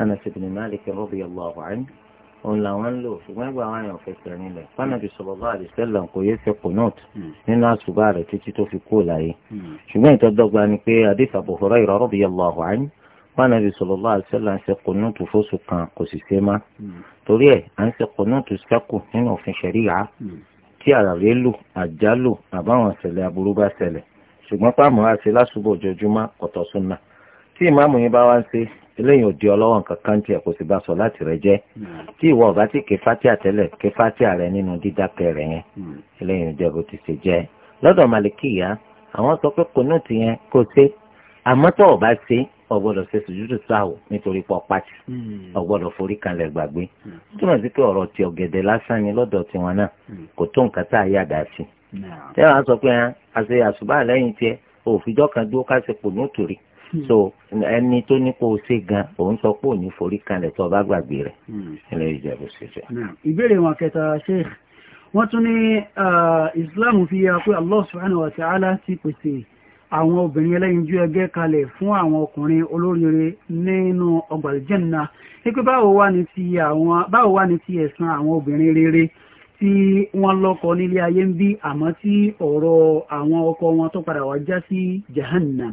Anas ibn Malik radiyallahu anhu òun làwọn ń lò ṣùgbọ́n ìgbà àwọn èèyàn fẹsẹ̀ nílẹ̀ hmm. fanabi sallallahu alaihi wasallam kò yé fẹ́ qunut hmm. nínú àṣùbà rẹ̀ títí tó fi kú láyé hmm. ṣùgbọ́n ìtọ́dọ́gba ni pé hadith Abu Hurayra radiyallahu anhu fanabi sallallahu alaihi wasallam ṣe qunut fóṣù kan kò sì ṣe má torí ẹ̀ à ń ṣe qunut sẹ́kù nínú òfin ṣẹ̀ríyà tí àràlélò àjálò sunna tí ìmáàmù yín eléyìí ò di ọlọ́wọ́n kankan tiẹ̀ kò sì bá sọ láti rẹ jẹ́ hmm. tí ìwọ ọ̀gá tí ké fatia tẹ́lẹ̀ ké fatia rẹ nínú dídákẹ́ rẹ yẹn hmm. eléyìí ò jẹ́ bó ti ṣe jẹ́ lọ́dọ̀ màlìkìyà àwọn sọ pé kònóòtù yẹn kò ṣe àmọ́ tó o bá ṣe o gbọ́dọ̀ ṣe sùjúdù sáwò nítorí pọ̀ pàtì hmm. o gbọ́dọ̀ forí kanlẹ̀ gbàgbé túmọ̀ sí pé ọ̀rọ̀ ti ọ̀gẹ̀dẹ̀ lásán ni lọ́dọ̀ tiwọn náà kò tó nǹkan tá a yàgà sí. tẹ́wọ̀n á sọ pé àṣẹ àṣùbà lẹ́yìn tiẹ̀ òfìjọ́ kan dúró ká ṣe kònóòtù rí so hmm. ẹni tó ní kó o ṣe gan òun sọ pé òní forí kalẹ̀ tó o bá gbàgbé rẹ̀ hmm. ẹlẹ́yìí jẹ́ bó ṣe jẹ́. ìbéèrè wọn kẹta sheikh wọ́n tún ní islam fi ya pé allah subhanahu wa ta'ala ti pèsè àwọn obìnrin ẹlẹ́yinjú ẹgẹ́ kalẹ̀ fún àwọn ọkùnrin olóríire nínú ọgbà aljanna pé báwo wá ní ti àwọn báwo wá ní ti ẹ̀san àwọn obìnrin rere tí wọ́n lọ́kọ nílé ayé ń bí àmọ́ tí ọ̀rọ̀ àwọn ọkọ wọn tó padà wá já sí jahannam.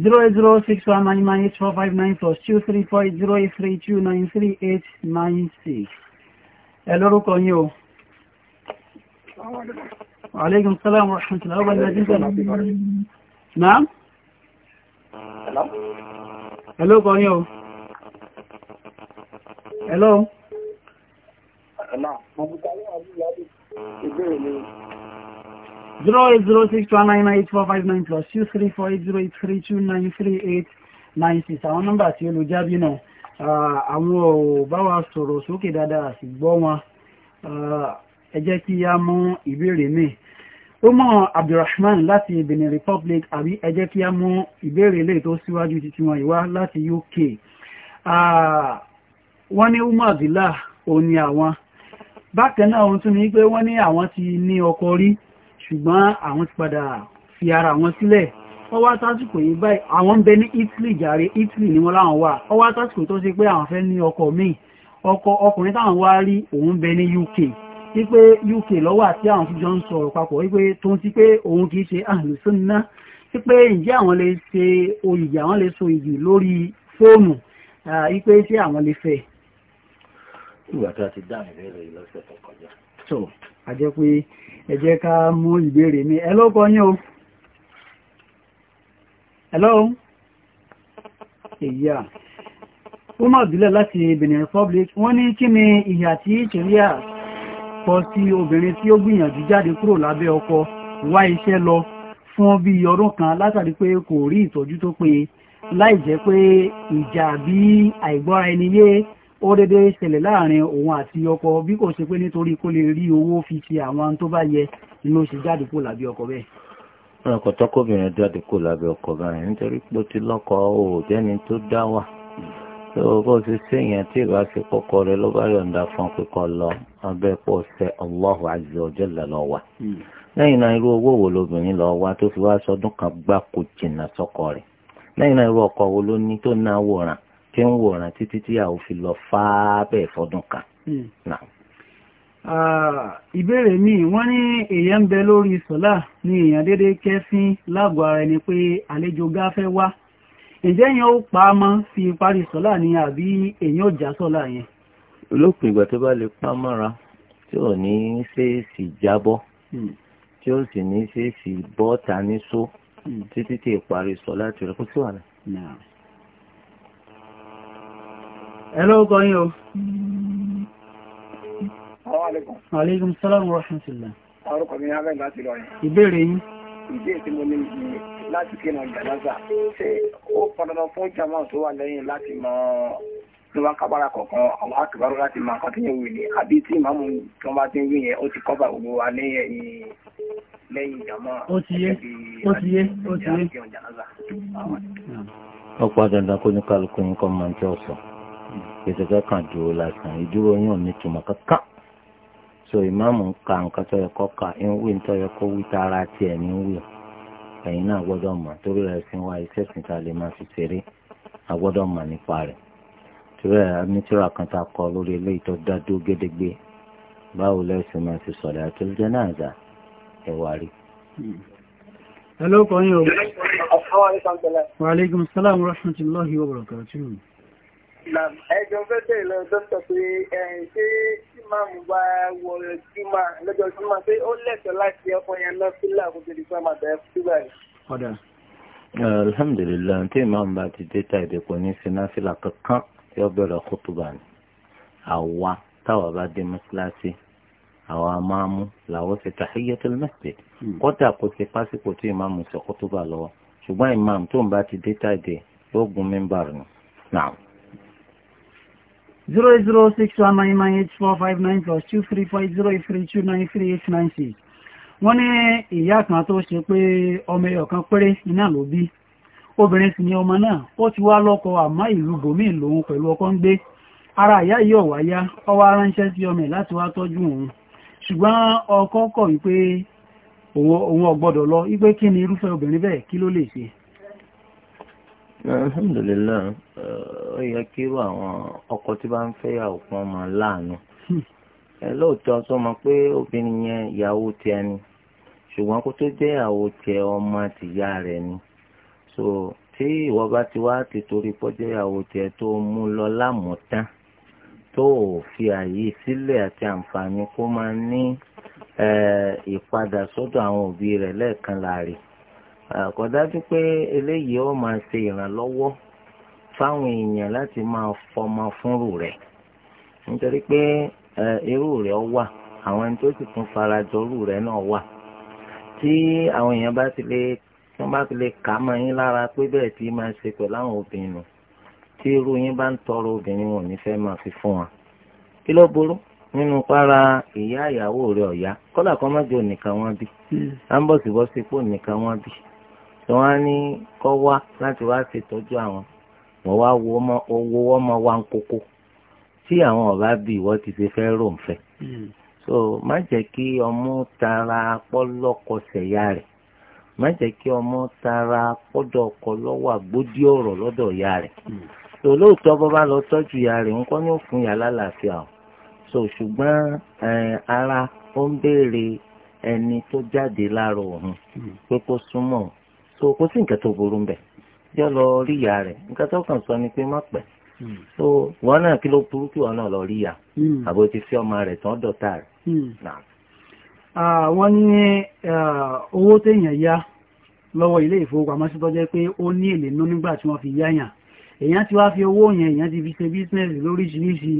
zero zero six one nine minus four five nine plus two three four zero eight three two nine three eight nine six. ẹ lórúkọ yín o. aleykum salaam wa rahmatulah wa barakatuh. naam. ẹ lórúkọ yín o. hello. hello. 08061998459 plus 2348083293896 àwọn nọ́mbà tí olùjábí náà uh, àwọn ò bá wa sọ̀rọ̀ sókè dáadáa sì gbọ́ wọn uh, ẹ jẹ́ kí a mú ìbéèrè mi Umar Abdulrahman láti Benin Republic àbí ẹ jẹ́ kí a mú ìbéèrè lè tó síwájú títí wọn ìwá láti UK uh, wọ́n ní Umar Abdullah òun ni àwọn bákan náà òun tún ní pé wọ́n ní àwọn ti ní ọkọ rí ṣùgbọ́n àwọn ti padà fi ara wọn sílẹ̀ ọwá tásìkò yìí báyìí àwọn ń bẹ ní Italy jàre Italy ni wọ́n láwọn wà ọwá tásìkò tó ṣe pé àwọn fẹ́ ní ọkọ míì ọkọ ọkùnrin táwọn wá rí òun bẹ ní UK wípé UK lọ́wọ́ àti àwọn fi jọ ń sọ̀rọ̀ papọ̀ wípé tó ń ti pé òun kì í ṣe àlùsùn ná wípé ǹjẹ́ àwọn lè ṣe oyìgì àwọn lè so ìgì lórí fóònù wípé ṣé àwọn lè fẹ́. ìgbà tó a ti dáhùn ìbéèrè lọ́sẹ̀ tó kọjá. tó a jẹ́ pé ẹ jẹ́ ká mú ìbéèrè mi ẹ ló kọ́ yín o hello ìyá ọmọ ìbílẹ̀ láti Benin Republic wọ́n ní kí ni ìyà tí ìṣẹ̀lẹ̀ kọ sí obìnrin tí ó gbìyànjú jáde kúrò lábẹ́ ọkọ wá iṣẹ́ lọ fún bí ọdún kan látàrí pé kò rí ìtọ́jú tó péye láì jẹ́ pé ìjà bí àìgbọ́ra ẹni yé ó dédé ṣẹlẹ̀ láàrin òun àti ọkọ bí kò ṣe pé nítorí kó lè rí owó fi ṣe àwọn tó bá yẹ ló ṣe jáde kó làbí ọkọ bẹ́ẹ̀. wọn kò jáde kó ọkọ báyìí nítorí pé ó ti tó dá wà tó bó ṣe tí ìbá kọkọ rẹ ló bá yọ̀ǹda fún lọ abẹ́ pọ̀ ṣe wa jalla lọ wà. Hmm. lẹ́yìn náà irú owó wo lobìnrin lọ wá tó fi wá sọdún kan gbáko jìnnà rẹ̀ lẹ́yìn náà irú wo ló tí ń wòran títí tí a ò fi lọ fá bẹ́ẹ̀ fọdún kan. Hmm. ìbéèrè mi wọ́n ní èèyàn ń bẹ lórí sọ́lá ni èèyàn dédé kẹ́sìn lágọ̀ọ́ ara ẹni pé àlejò gáfẹ́ wá ǹjẹ́ yẹn ó pa á mọ́ fi parí sọ́lá ni àbí èèyàn ò já yẹn. olópin ìgbà tó bá lè pa mọ́ra tí ò ní ṣèèṣì jábọ́ hmm. tí ó sì ní ṣèèṣì bọ́ta ní só hmm. títí tí Hello kọ́ yín o. Aleykum salaam wa rahmatullah. Orúkọ mi Abel láti Ìlọrin. Ìbéèrè yín. Ìbéèrè tí mo ní ní láti kí náà jàdásà. Ṣé ó pọndandan fún jàmọ́ tó wà lẹ́yìn láti mọ ló bá kábàrà kọ̀ọ̀kan àwọn akẹ́bàrú láti máa kọ́ tí yẹn wí ni àbí tí ìmáàmù tó bá ti ń wí yẹn ó ti kọ́ bá gbogbo wa lẹ́yìn lẹ́yìn hmm. Ọ̀pọ̀ dandan kó ní kálukú ní kọ́ máa ń tẹ́ ọ̀sán. ètò kankan dúró lásán ìdúró yóò ní kankan so ìmáàmù nka ka nǹkan tó yẹ kó ka ń wí tó yẹ kó wí tara tiẹ̀ ní wí ẹ̀yin náà gbọ́dọ̀ mọ̀ torí rẹ̀ sí wa iṣẹ́ sìn ta lè máa fi kan tá kọ lórí eléyìí tó dá dúró gédégbé báwo lẹ́sìn máa fi sọ̀rọ̀ àti náà zà ẹ̀ wá rí. ẹ ló kọ́ yín o. wa aleykum salaam wa ẹjọ́ fẹ́ tẹ̀lé lọ dókítà pé ṣé símáàmù bá wọ júmọ̀ lọ́jọ́ júmọ̀ pé ó lẹ́tọ̀ọ́ láti ọkọ̀ yẹn lọ sí làkúndé nípa màtà ẹ̀ fúgbà yìí. ọ̀dà alhamdulilayi tí ìmáàmù bá ti dé ta ìdẹ́kùn ní sinafila kankan tí ó bẹ̀rẹ̀ kútùbà ni àwa táwa bá dé mọ́síláṣí àwa máàmù làwọn ṣe tahiyyatul masjid hmm. kọ́dà kò ṣe pásítọ̀ tí ìmáàmù ṣe kútùbà lọ́wọ́ ṣùgbọ́n ìmáàmù tó ń bá ti dé ta ìdẹ́ yóò gun mímbàrún 08061998459 plus 235083293896 wọ́n ní ìyá kan tó ṣe pé ọmọ ẹyọ kan péré iná ló bí obìnrin sì ni ọmọ náà ó ti wá lọ́kọ àmọ́ ìlú bòmíì lòun pẹ̀lú ọkọ ń gbé ara ìyá yìí ọ̀wá yá ọwọ́ aránṣẹ́ sí ọmọ láti wá tọ́jú òun ṣùgbọ́n ọkọ kọ̀ wípé òun ọ̀gbọ́dọ̀ lọ wípé kí ni irúfẹ́ obìnrin bẹ́ẹ̀ kí alhamdulilayi eh, ó yẹ kí irú àwọn ọkọ tí bá ń fẹ́ yàwó kan máa láàánú ẹ hmm. eh, lóòótọ́ sọ ma pé obìnrin yẹn ìyàwó a ni ṣùgbọ́n kó tó jẹ́ ìyàwó tiẹ̀ ọmọ àtìyá rẹ̀ ni so tí ìwọ bá ti wá ti torí pọ́jẹ́ ìyàwó tiẹ̀ tó mú lọ lámọ̀tán tó fi àyè sílẹ̀ àti àǹfààní kó máa ní eh, ìpadà sọ́dọ̀ àwọn òbí rẹ̀ lẹ́ẹ̀kan láàrin àkọ́dájú pé eléyìí ó máa ṣe ìrànlọ́wọ́ fáwọn èèyàn láti máa fọmọ fúnrù rẹ̀ nítorí pé irú rẹ̀ wà àwọn ẹni tó sì tún farajọ irú rẹ̀ náà wà tí àwọn èèyàn bá ti lè tí wọ́n bá fi lè kà á mọ yín lára pé bẹ́ẹ̀ tí máa ṣe pẹ̀lú àwọn obìnrin nù tí irú yín bá ń tọrọ obìnrin wọn ní fẹ́ máa fi fún wọn. kí ló burú nínú para ìyá ìyàwó rẹ̀ ọ̀yá kọ́dà kan mọ́jọ nìkan wọn bí ambọ̀sibọ́sípò hmm. nìkan wọn bí tí wọ́n á ní kọ́ wá láti wá ṣètọ́jú àwọn wọ́n wá owó wọ́n mọ wá ń kókó tí àwọn ọ̀bá bí ìwọ́ ti ṣe fẹ́ rò ń fẹ́. Hmm. so má jẹ́ kí ọmọ tara pọ́lọ́kọ sẹ̀yà rẹ̀ má jẹ́ kí ọmọ tara pọ́dọ̀ ọkọ lọ́wọ́ àgbódì ọ̀rọ̀ lọ́dọ̀ ìyá rẹ̀. Hmm. so lóòótọ́ bọ́ bá lọ tọ́jú ìyá rẹ̀ ńkọ́ ní òfin ìyá lálàáfíà o. so ṣùgbọ́n eh, ara ó ń béèrè ẹni tó jáde lára òun hmm. pé kó súnmọ́ so kò sí nǹkan tó burú ń bẹ̀ yọ lọ rí ìyá rẹ̀ nǹkan tó kàn sọ ni pé má pẹ́ hmm. so wọn náà kí ló burú kí wọn náà lọ rí ìyá hmm. àbò ti fi ọmọ rẹ̀ tán dọ̀tà rẹ̀. Hmm. wọ́n ní owó téèyàn yá lọ́wọ́ ilé ìfowópamọ́sí tó jẹ́ pé ó ní èlé nú nígbà tí wọ́n fi yáyàn èèyàn ti wá fi owó yẹn èèyàn ti fi ṣe bísínẹ́sì lóríṣiríṣi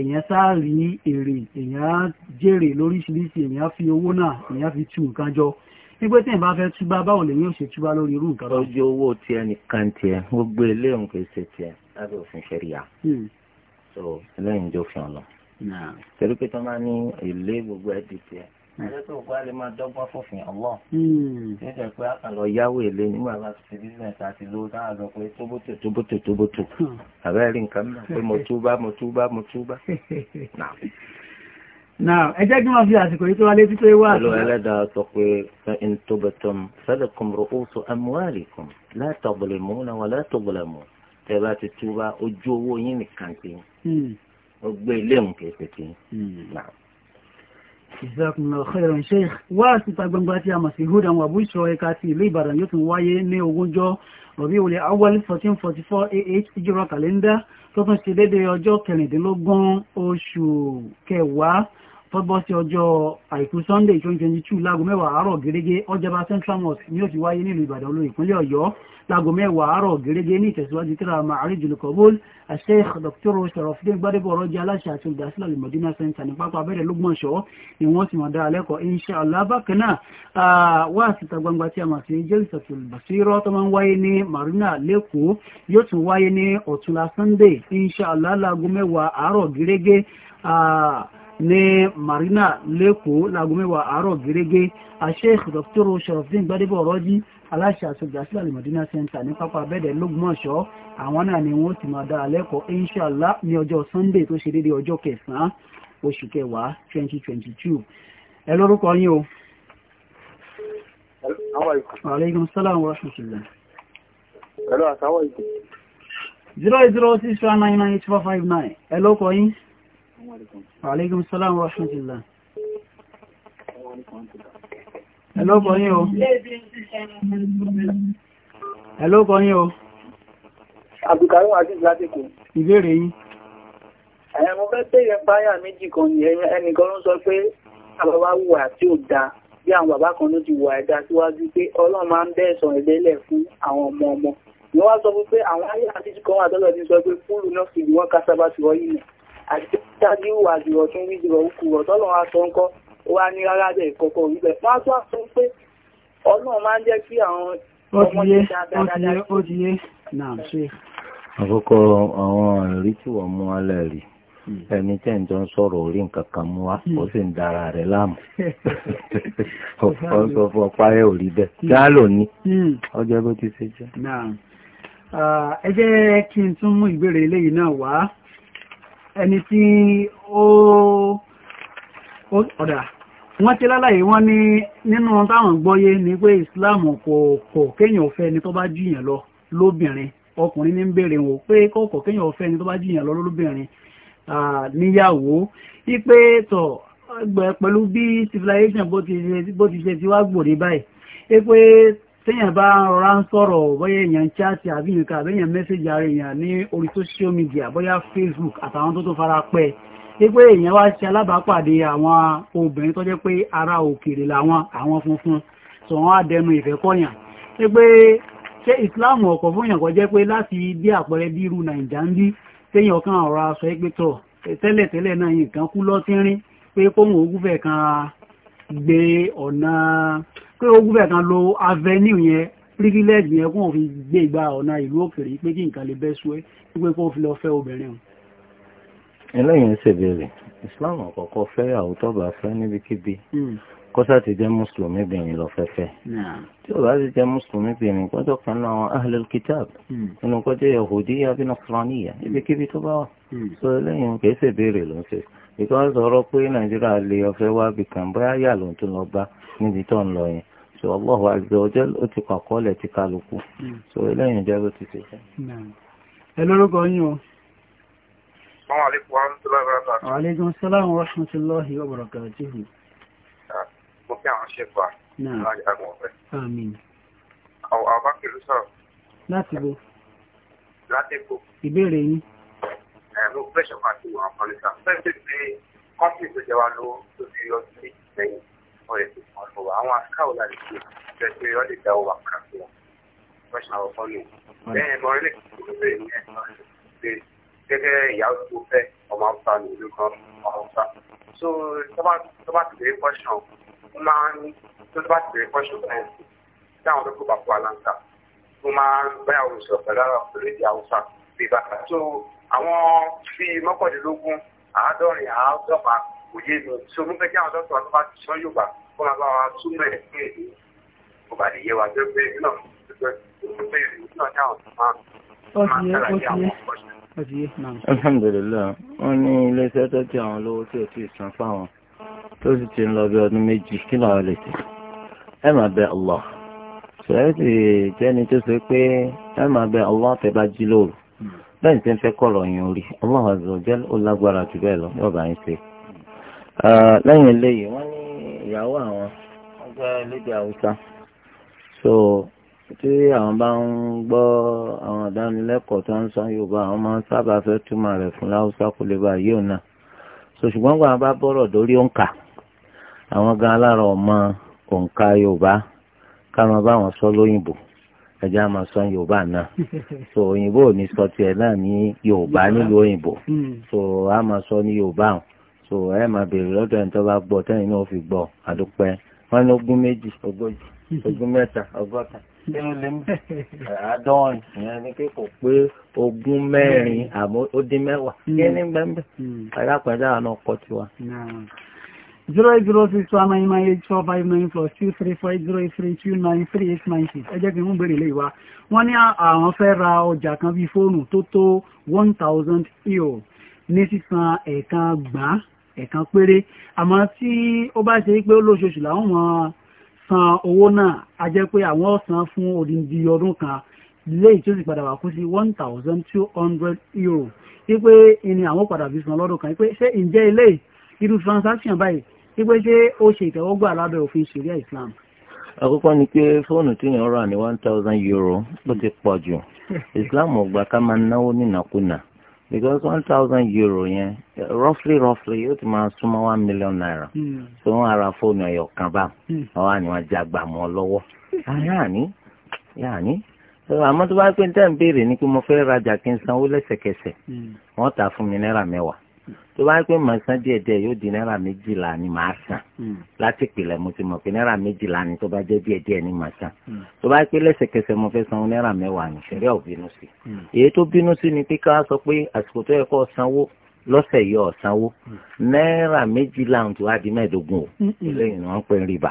èèyàn sáàrí èrè èèyàn jèrè lóríṣiríṣi èèyàn fi owó náà èèyàn fi tu nǹkan jọ pé tí ìbá fẹ́ túbá báwo lè yóò ṣe túbá lórí irú nǹkan. ó jẹ́ owó tí ẹnìkan tiẹ̀ gbogbo eléyìí kò ṣe tiẹ̀ lábẹ́ òfin ṣẹ̀ríà hmm. so eléyìí jẹ́ òfin ọ̀nà. torí pé hmm. tó máa ní èlé gbogbo ẹ̀ di tiẹ̀ ẹjọ́ tó gbá lè máa dọ́gbọ́n fòfin ọ̀lọ́ ṣé jẹ́ pé àkàlọ́ yáwó èlé nígbà láti ṣe bísíǹsì àti lówó táwọn àgbọ̀ pé tóbótò tóbótò tóbótò hmm. àbẹ́rẹ́ nǹkan mọ̀ pé mo túbá mo túbá mo túbá. náà ẹjẹ́ kí wọ́n fi àsìkò yìí tó wá létí tó wá àsìkò. ọlọ́run ẹlẹ́dàá sọ pé in tubtum falakum ru'usu amwalikum la tadlimuna wa la tuzlamun tẹ́ bá ti túbá ojú owó yín nìkan ti hmm. ó gbé ilé òun kéèké ti. Hmm. Jazakumullahu khairan Sheikh. Wá síta gbangba tí a mọ̀ sí Hudan wa Búṣọ ẹ̀ka ti ìlú Ìbàdàn yóò tún wáyé ní ogúnjọ́ Rabiul Awwal 1444 AH Ìjírọ̀ Kàlẹ́ndà tó tún ṣe déédéé ọjọ́ kẹrìndínlógún oṣù kẹwàá tó bọ́ sí ọjọ́ àìkú sunday twenty twenty two láago mẹ́wàá àárọ̀ gẹ́gẹ́ ọjọba central mosque ni ó ti wáyé nílùú ìbàdàn olú ìpínlẹ̀ ọ̀yọ́ láago mẹ́wàá àárọ̀ gẹ́gẹ́ ní ìtẹ̀síwájú tíra ma'arijul qabul sheikh dr sharafdin gbadebo ọ̀rọ̀jì aláṣẹ àti olùdásílẹ̀ alimọ̀dínà center ní pápá abẹ́rẹ́ lọ́gbọ̀nsọ̀ ni wọ́n sì mọ̀ dára lẹ́kọ̀ọ́ inshallah bákan náà wá síta gbangba tí a mọ̀ sí jelsatul basira tó máa ń wáyé ní marina lẹ́kọ̀ọ́ yóò tún wáyé ní ọ̀túnla sunday inshallah láago mẹ́wàá àárọ̀ gẹ́gẹ́ ní marina lẹ́kọ̀ọ́ láago mẹ́wàá àárọ̀ gẹ́gẹ́ Sheikh Dr. Sharafdin Gbadebo Ọ̀rọ́jí aláṣẹ àṣọjà sí alimọ̀dínà center ní pápá abẹ́dẹ̀ lọ́gbọ̀nsọ̀ àwọn náà ni wọ́n ti máa dára lẹ́kọ̀ọ́ inshàlá ní ọjọ́ sunday tó ṣe déédé ọjọ́ kẹsàn-án oṣù kẹwàá twenty twenty two ẹ lórúkọ yín o. aleykum salaam wa rahmatulah. hello asalaamualeykum. zero eight zero six one nine nine eight four five nine ẹ lórúkọ yín. Aleykum salaam wa rahmatullah. Hello kọ Hello kọ yín o. Abdulkarim Aziz Ládékò. Ìbéèrè yín. Ẹ̀yàn mo fẹ́ bèèrè báyà méjì kan ní ẹnìkan ló sọ pé àbábá wùwà tí ó da bí àwọn bàbá kan ló ti wùwà ẹ̀dá síwájú pé Ọlọ́run máa ń bẹ̀ẹ̀sàn ìdẹ́lẹ̀ fún àwọn ọmọ ọmọ. Ni wọ́n sọ pé àwọn ayé àti kan wà tọ́lọ̀ ti sọ pé fúlù náà fi wọ́n kásábà sí wọ́n yìí àti tàbí wà jù ọ̀tún rí jù àwọn ọmọdé dáadáa tí wọ́n mú alẹ́ rí ẹni tẹ́ ń jọ ń sọ̀rọ̀ orí nǹkan kan dara rẹ̀ ọ̀pọ̀ ò rí bẹ́ẹ̀ dá lónìí ọjọ́ hmm. bó ti ah, ẹ jẹ́ kí n tún mú ìbéèrè eléyìí náà wá ẹni tí ó ọ̀dà wọ́n ti lálàyé wọ́n ní nínú táwọn gbọ́yé ni pé Islam kọ̀ọ̀kọ̀ kéèyàn fẹ́ ni tó bá jìyàn lọ lóbìnrin ọkùnrin ní ń béèrè wọn pé kọ̀ọ̀kọ̀ kéèyàn fẹ́ ni tó bá jìyàn lọ lóbìnrin níyàwó wípé tọ̀ pẹ̀lú bí civilization bó ti ṣe ti wá gbòde báyìí pé téèyàn bá ń rọra ń sọ̀rọ̀ bóyá èèyàn ń chaati àbí nǹkan àbí èèyàn mẹ́sẹ̀gì ara èèyàn ní orí social media bóyá Facebook àtàwọn tó tó fara pẹ́ wípé èèyàn wá ṣe alábàápàdé àwọn obìnrin tó jẹ́ pé ara òkèèrè làwọn àwọn funfun tó wọ́n á dẹnu ìfẹ́ kọ́yàn wípé ṣé Islam ọ̀kọ̀ fún èèyàn kan jẹ́ pé láti bí àpẹẹrẹ bí irú Nàìjíríà ń bí téèyàn kan ọ̀rọ̀ aṣọ pé tọ̀ tẹ́lẹ̀tẹ́lẹ̀ náà nǹkan kú lọ́tínrín pé kóhùn ogúnfẹ̀ kan gbé ọ̀nà pé ó gúbẹ̀ kan lo avenue yẹn privilege yẹn kó wọn fi gbé ìgbà ọ̀nà ìlú òkèrè pé kí nǹkan lè bẹ́ sú ẹ́ wípé kó fi lọ fẹ́ obìnrin o. ẹlẹ́yìn ń ṣèbéèrè Islam àkọ́kọ́ fẹ́ àwùjọ bá fẹ́ níbikíbi hmm. kọ́sá ti jẹ́ mùsùlùmí bìnrin lọ fẹ́fẹ́ tí ó bá ti jẹ́ mùsùlùmí bìnrin kọ́jọ́ kan náà àwọn ahlul kitab nínú hmm. kọjá yahudiya bí nasraniya hmm. ibikíbi tó bá wà sọ eléyìí kìí ṣèbéèrè ló ń ṣe ìtọ́jú ọ̀rọ̀ pé Nàìjíríà lè ọ̀fẹ́ wá bìkan bóyá yà ló ń tún lọ bá níbi tó ń lọ yẹn so Allahu azza wa jal ó ti kọ àkọọ́lẹ̀ ti kálukú hmm. so eléyìí jẹ́ bó ti ṣe jẹ́. ẹ lórúkọ yín o. Aleykum salaam wa rahmatullahi wa barakatuhu. Ah, mo kí àwọn ṣe pa láti àgbọ̀n ọ̀fẹ́. Àmín. Àwọn abákìlú sọ̀rọ̀. Láti bo. Láti bo. Ìbéèrè yín. Ẹ̀rọ pẹ̀ṣọ̀ kan ti wà Fẹ́ẹ́ ti kọ́ńtì tó jẹ wa lówó tó fi yọ lẹ́yìn wọ́n lè fi kan tó wa àwọn akáwò la lè fi jẹ́ pé wọ́n lè da ọwọ́ kan tó wa wọ́n ṣe àwọn kan lò lẹ́yìn ẹ̀gbọ́n lè fi kó bẹ́ẹ̀ ní ẹ̀gbọ́n gẹ́gẹ́ ìyàwó tó fẹ́ ọmọ ọ̀fà ní ìlú kan ọmọ ọ̀fà so tó bá ti bẹ̀rẹ̀ question ó máa ń tó bá ti bẹ̀rẹ̀ question bẹ́ẹ̀ tí àwọn tó kó bá kó aláǹtà ó máa ń bá àwọn òṣèlú pẹ̀lú àwọn òṣèlú ìdí haúsá bíi bàtà so àwọn bíi mọ́kànlélógún àádọ́rin àádọ́fà kò yé mi so mo fẹ́ kí àwọn dọ́kítà tó bá ti sọ yóò gbà kó máa bá wa túmọ̀ ẹ̀ fún èdè kò bá lè yé wa tó pé náà tó pé tó pé náà ní àwọn tó máa máa tẹ̀lé àwọn ọ̀pọ̀lọpọ̀. Alhamdulillah, wọ́n ní ilé-iṣẹ́ tó ti àwọn olówó tí ò tí ì san fáwọn tó sì ti ń lọ bí ọdún méjì kí làwọn lè ṣe. Ẹ máa bẹ Allah. Ṣèyí sì jẹ́ni tó ṣe pé ẹ máa bẹ Allah tẹ bá jí lóru. Hmm. Bẹ́ẹ̀ni tí ń fẹ́ kọ̀ lọ́yìn orí, Allah Azza wa ó lágbára jù bẹ́ẹ̀ lọ, yóò bá yín ṣe. Ah, lẹ́yìn eléyìí wọ́n ní ìyàwó àwọn wọ́n jẹ́ lédè haúsá so tí àwọn bá ń gbọ́ àwọn ìdánilẹ́kọ̀ọ́ tó ń sọ yorùbá àwọn máa ń sábà fẹ́ túmọ̀ rẹ̀ fún haúsá kó lè bá yíò náà so ṣùgbọ́n gbọ́n bá bọ́rọ̀ dórí òǹkà àwọn gan alára ọmọ òǹkà yorùbá ká máa bá wọn sọ lóyìnbó ẹjẹ a máa sọ yorùbá náà so òyìnbó ò ní sọ tiẹ̀ náà ní yorùbá nílùú òyìnbó hmm. so a máa sọ ní yorùbá àwọn so ẹ máa béèrè lọ́dọ̀ ẹni tó bá gbọ́ tẹ́yìn náà fi gbọ́ àdúpẹ́ wọn ní ogún méjì ogójì ogún mẹ́ta ọgọ́ta ṣé ó lé ìyẹn ni pé kò pé ogún mẹ́rin àmọ́ ó dín mẹ́wàá kí ní gbẹ́ńbẹ́ alápẹ̀dá àwọn ọkọ̀ tiwa. zero eight zero six two nine nine eight four five nine four two three four zero eight three two nine three eight nine six ẹ jẹ́ kí n mú bèrè lè wá wọ́n ní àwọn fẹ́ ra ọjà kan bíi fóònù tó tó one thousand euro ní sísan ẹ̀ẹ̀kan gbàá ẹ̀kan péré àmọ́ tí ó bá ṣe pé olóṣooṣù làwọn máa san owó náà a jẹ́ pé àwọn san fún odindi ọdún kan léyìí tí ó sì padà wà kú sí one thousand two hundred euro wípé ìní àwọn padà fi san lọ́dún kan wípé ṣé ǹjẹ́ ilé irú transaction báyìí wípé ṣé ó ṣe ìtẹ́wọ́gbà lábẹ́ òfin ṣẹ̀ríà Islam àkọ́kọ́ ni pé fóònù tí yẹn rà ní one thousand euro ló ti pọ̀ jù Islam ò gbà ká máa náwó nínàkúnà because one thousand euro yẹn roughly roughly yóò ti máa súnmọ́ one million naira hmm. so wọ́n ara fóònù ẹ̀yọ̀ kan bá hmm. wọ́n á ní wọ́n já gbà mọ́ lọ́wọ́ hmm. ah, yáàní yáàní àmọ́ tó bá pé ní tẹ́ ń béèrè ni pé mo fẹ́ rajà kí n sanwó lẹ́sẹ̀kẹsẹ̀ wọ́n tà fún mi náírà mẹ́wàá tó bá pẹ́ màá san díẹ̀ díẹ̀ yóò di náírà méjìlá ni màá san hmm. láti pìlẹ̀ mo ti mọ̀ pé náírà méjìlá ni tó bá jẹ́ díẹ̀ díẹ̀ ni màá san hmm. tó bá pẹ́ lẹ́sẹ̀kẹsẹ̀ mo fẹ́ san náírà mẹ́wàá ni ṣẹ̀rí ò bínú sí hmm. èyí tó bínú sí ni pé ká sọ pé àsìkò tó yẹ kó sanwó lọ́sẹ̀ yìí ó sanwó náírà méjìlá ń tó wá di mẹ́ẹ̀ẹ́dógún o eléyìí ni wọ́n pè ń rìbá.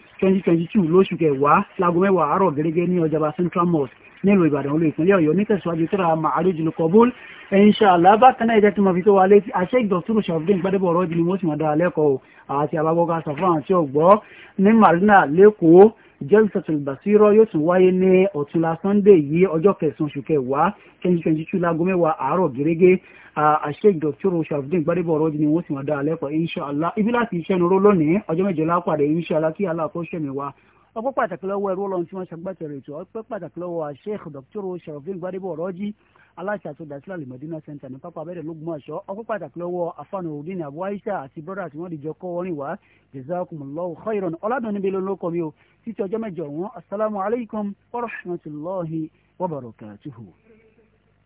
twenty twenty two lóṣù kẹwàá láago mẹ́wàá àárọ̀ gẹ́gẹ́ ní ọjàba central mosque nílùú ìbàdàn olú ìpínlẹ̀ ọ̀yọ́ nítẹ̀síwájú tíra ma'arij al-qabul inshallah bákan náà ìjẹ́ tí mo fi tó wa létí àṣẹ ìdọ̀tún ṣàfihàn gbadébọ̀ ọ̀rọ̀ ìdílé mọ́sùmọ̀dá alẹ́kọ̀ọ́ àti àbábọ́gá sàfihàn àti ọ̀gbọ́ ní marina lẹ́kọ̀ọ́ jẹ́rìsọ̀tún ìbàṣírọ̀ yóò tún wáyé ní ọ̀túnla sunday yìí ọjọ́ kẹsàn-án oṣù kẹwàá twenty twenty two láago mẹ́wàá àárọ̀ gẹ́gẹ́ àṣẹ dr ṣàfùdín gbadébọ̀ ọ̀rọ̀ ni wọ́n sì wọ́n dá a lẹ́kọ̀ọ́ inṣàlá ibi láti iṣẹ́ nuró lónìí ọjọ́ mẹ́jọ lápàdé inṣàlá kí aláàkóṣe mi wá ọpẹ́ pàtàkì lọ́wọ́ ẹrú ọlọ́run tí wọ́n ṣàgbàtẹ̀rẹ̀ ètò ọpẹ́ pàtàkì lọ́wọ́ Sheikh Dr. Sharafdeen Gbadebo Ọ̀rọ́jì aláṣẹ àtúndásílẹ̀ alimọ̀dínà center ní pápá abẹ́rẹ́ l'Ógbómọ̀ṣọ́ ọpẹ́ pàtàkì lọ́wọ́ afanudin abu aisha àti brọ́dà tí wọ́n dìjọ kọ́ wọ́rin wá jazakumullahu khairan ọ̀làdùn níbi lóko mi o títí ọjọ́ mẹ́jọ wọn asalaamualeykum wa rahmatulahi wa barakatuhu.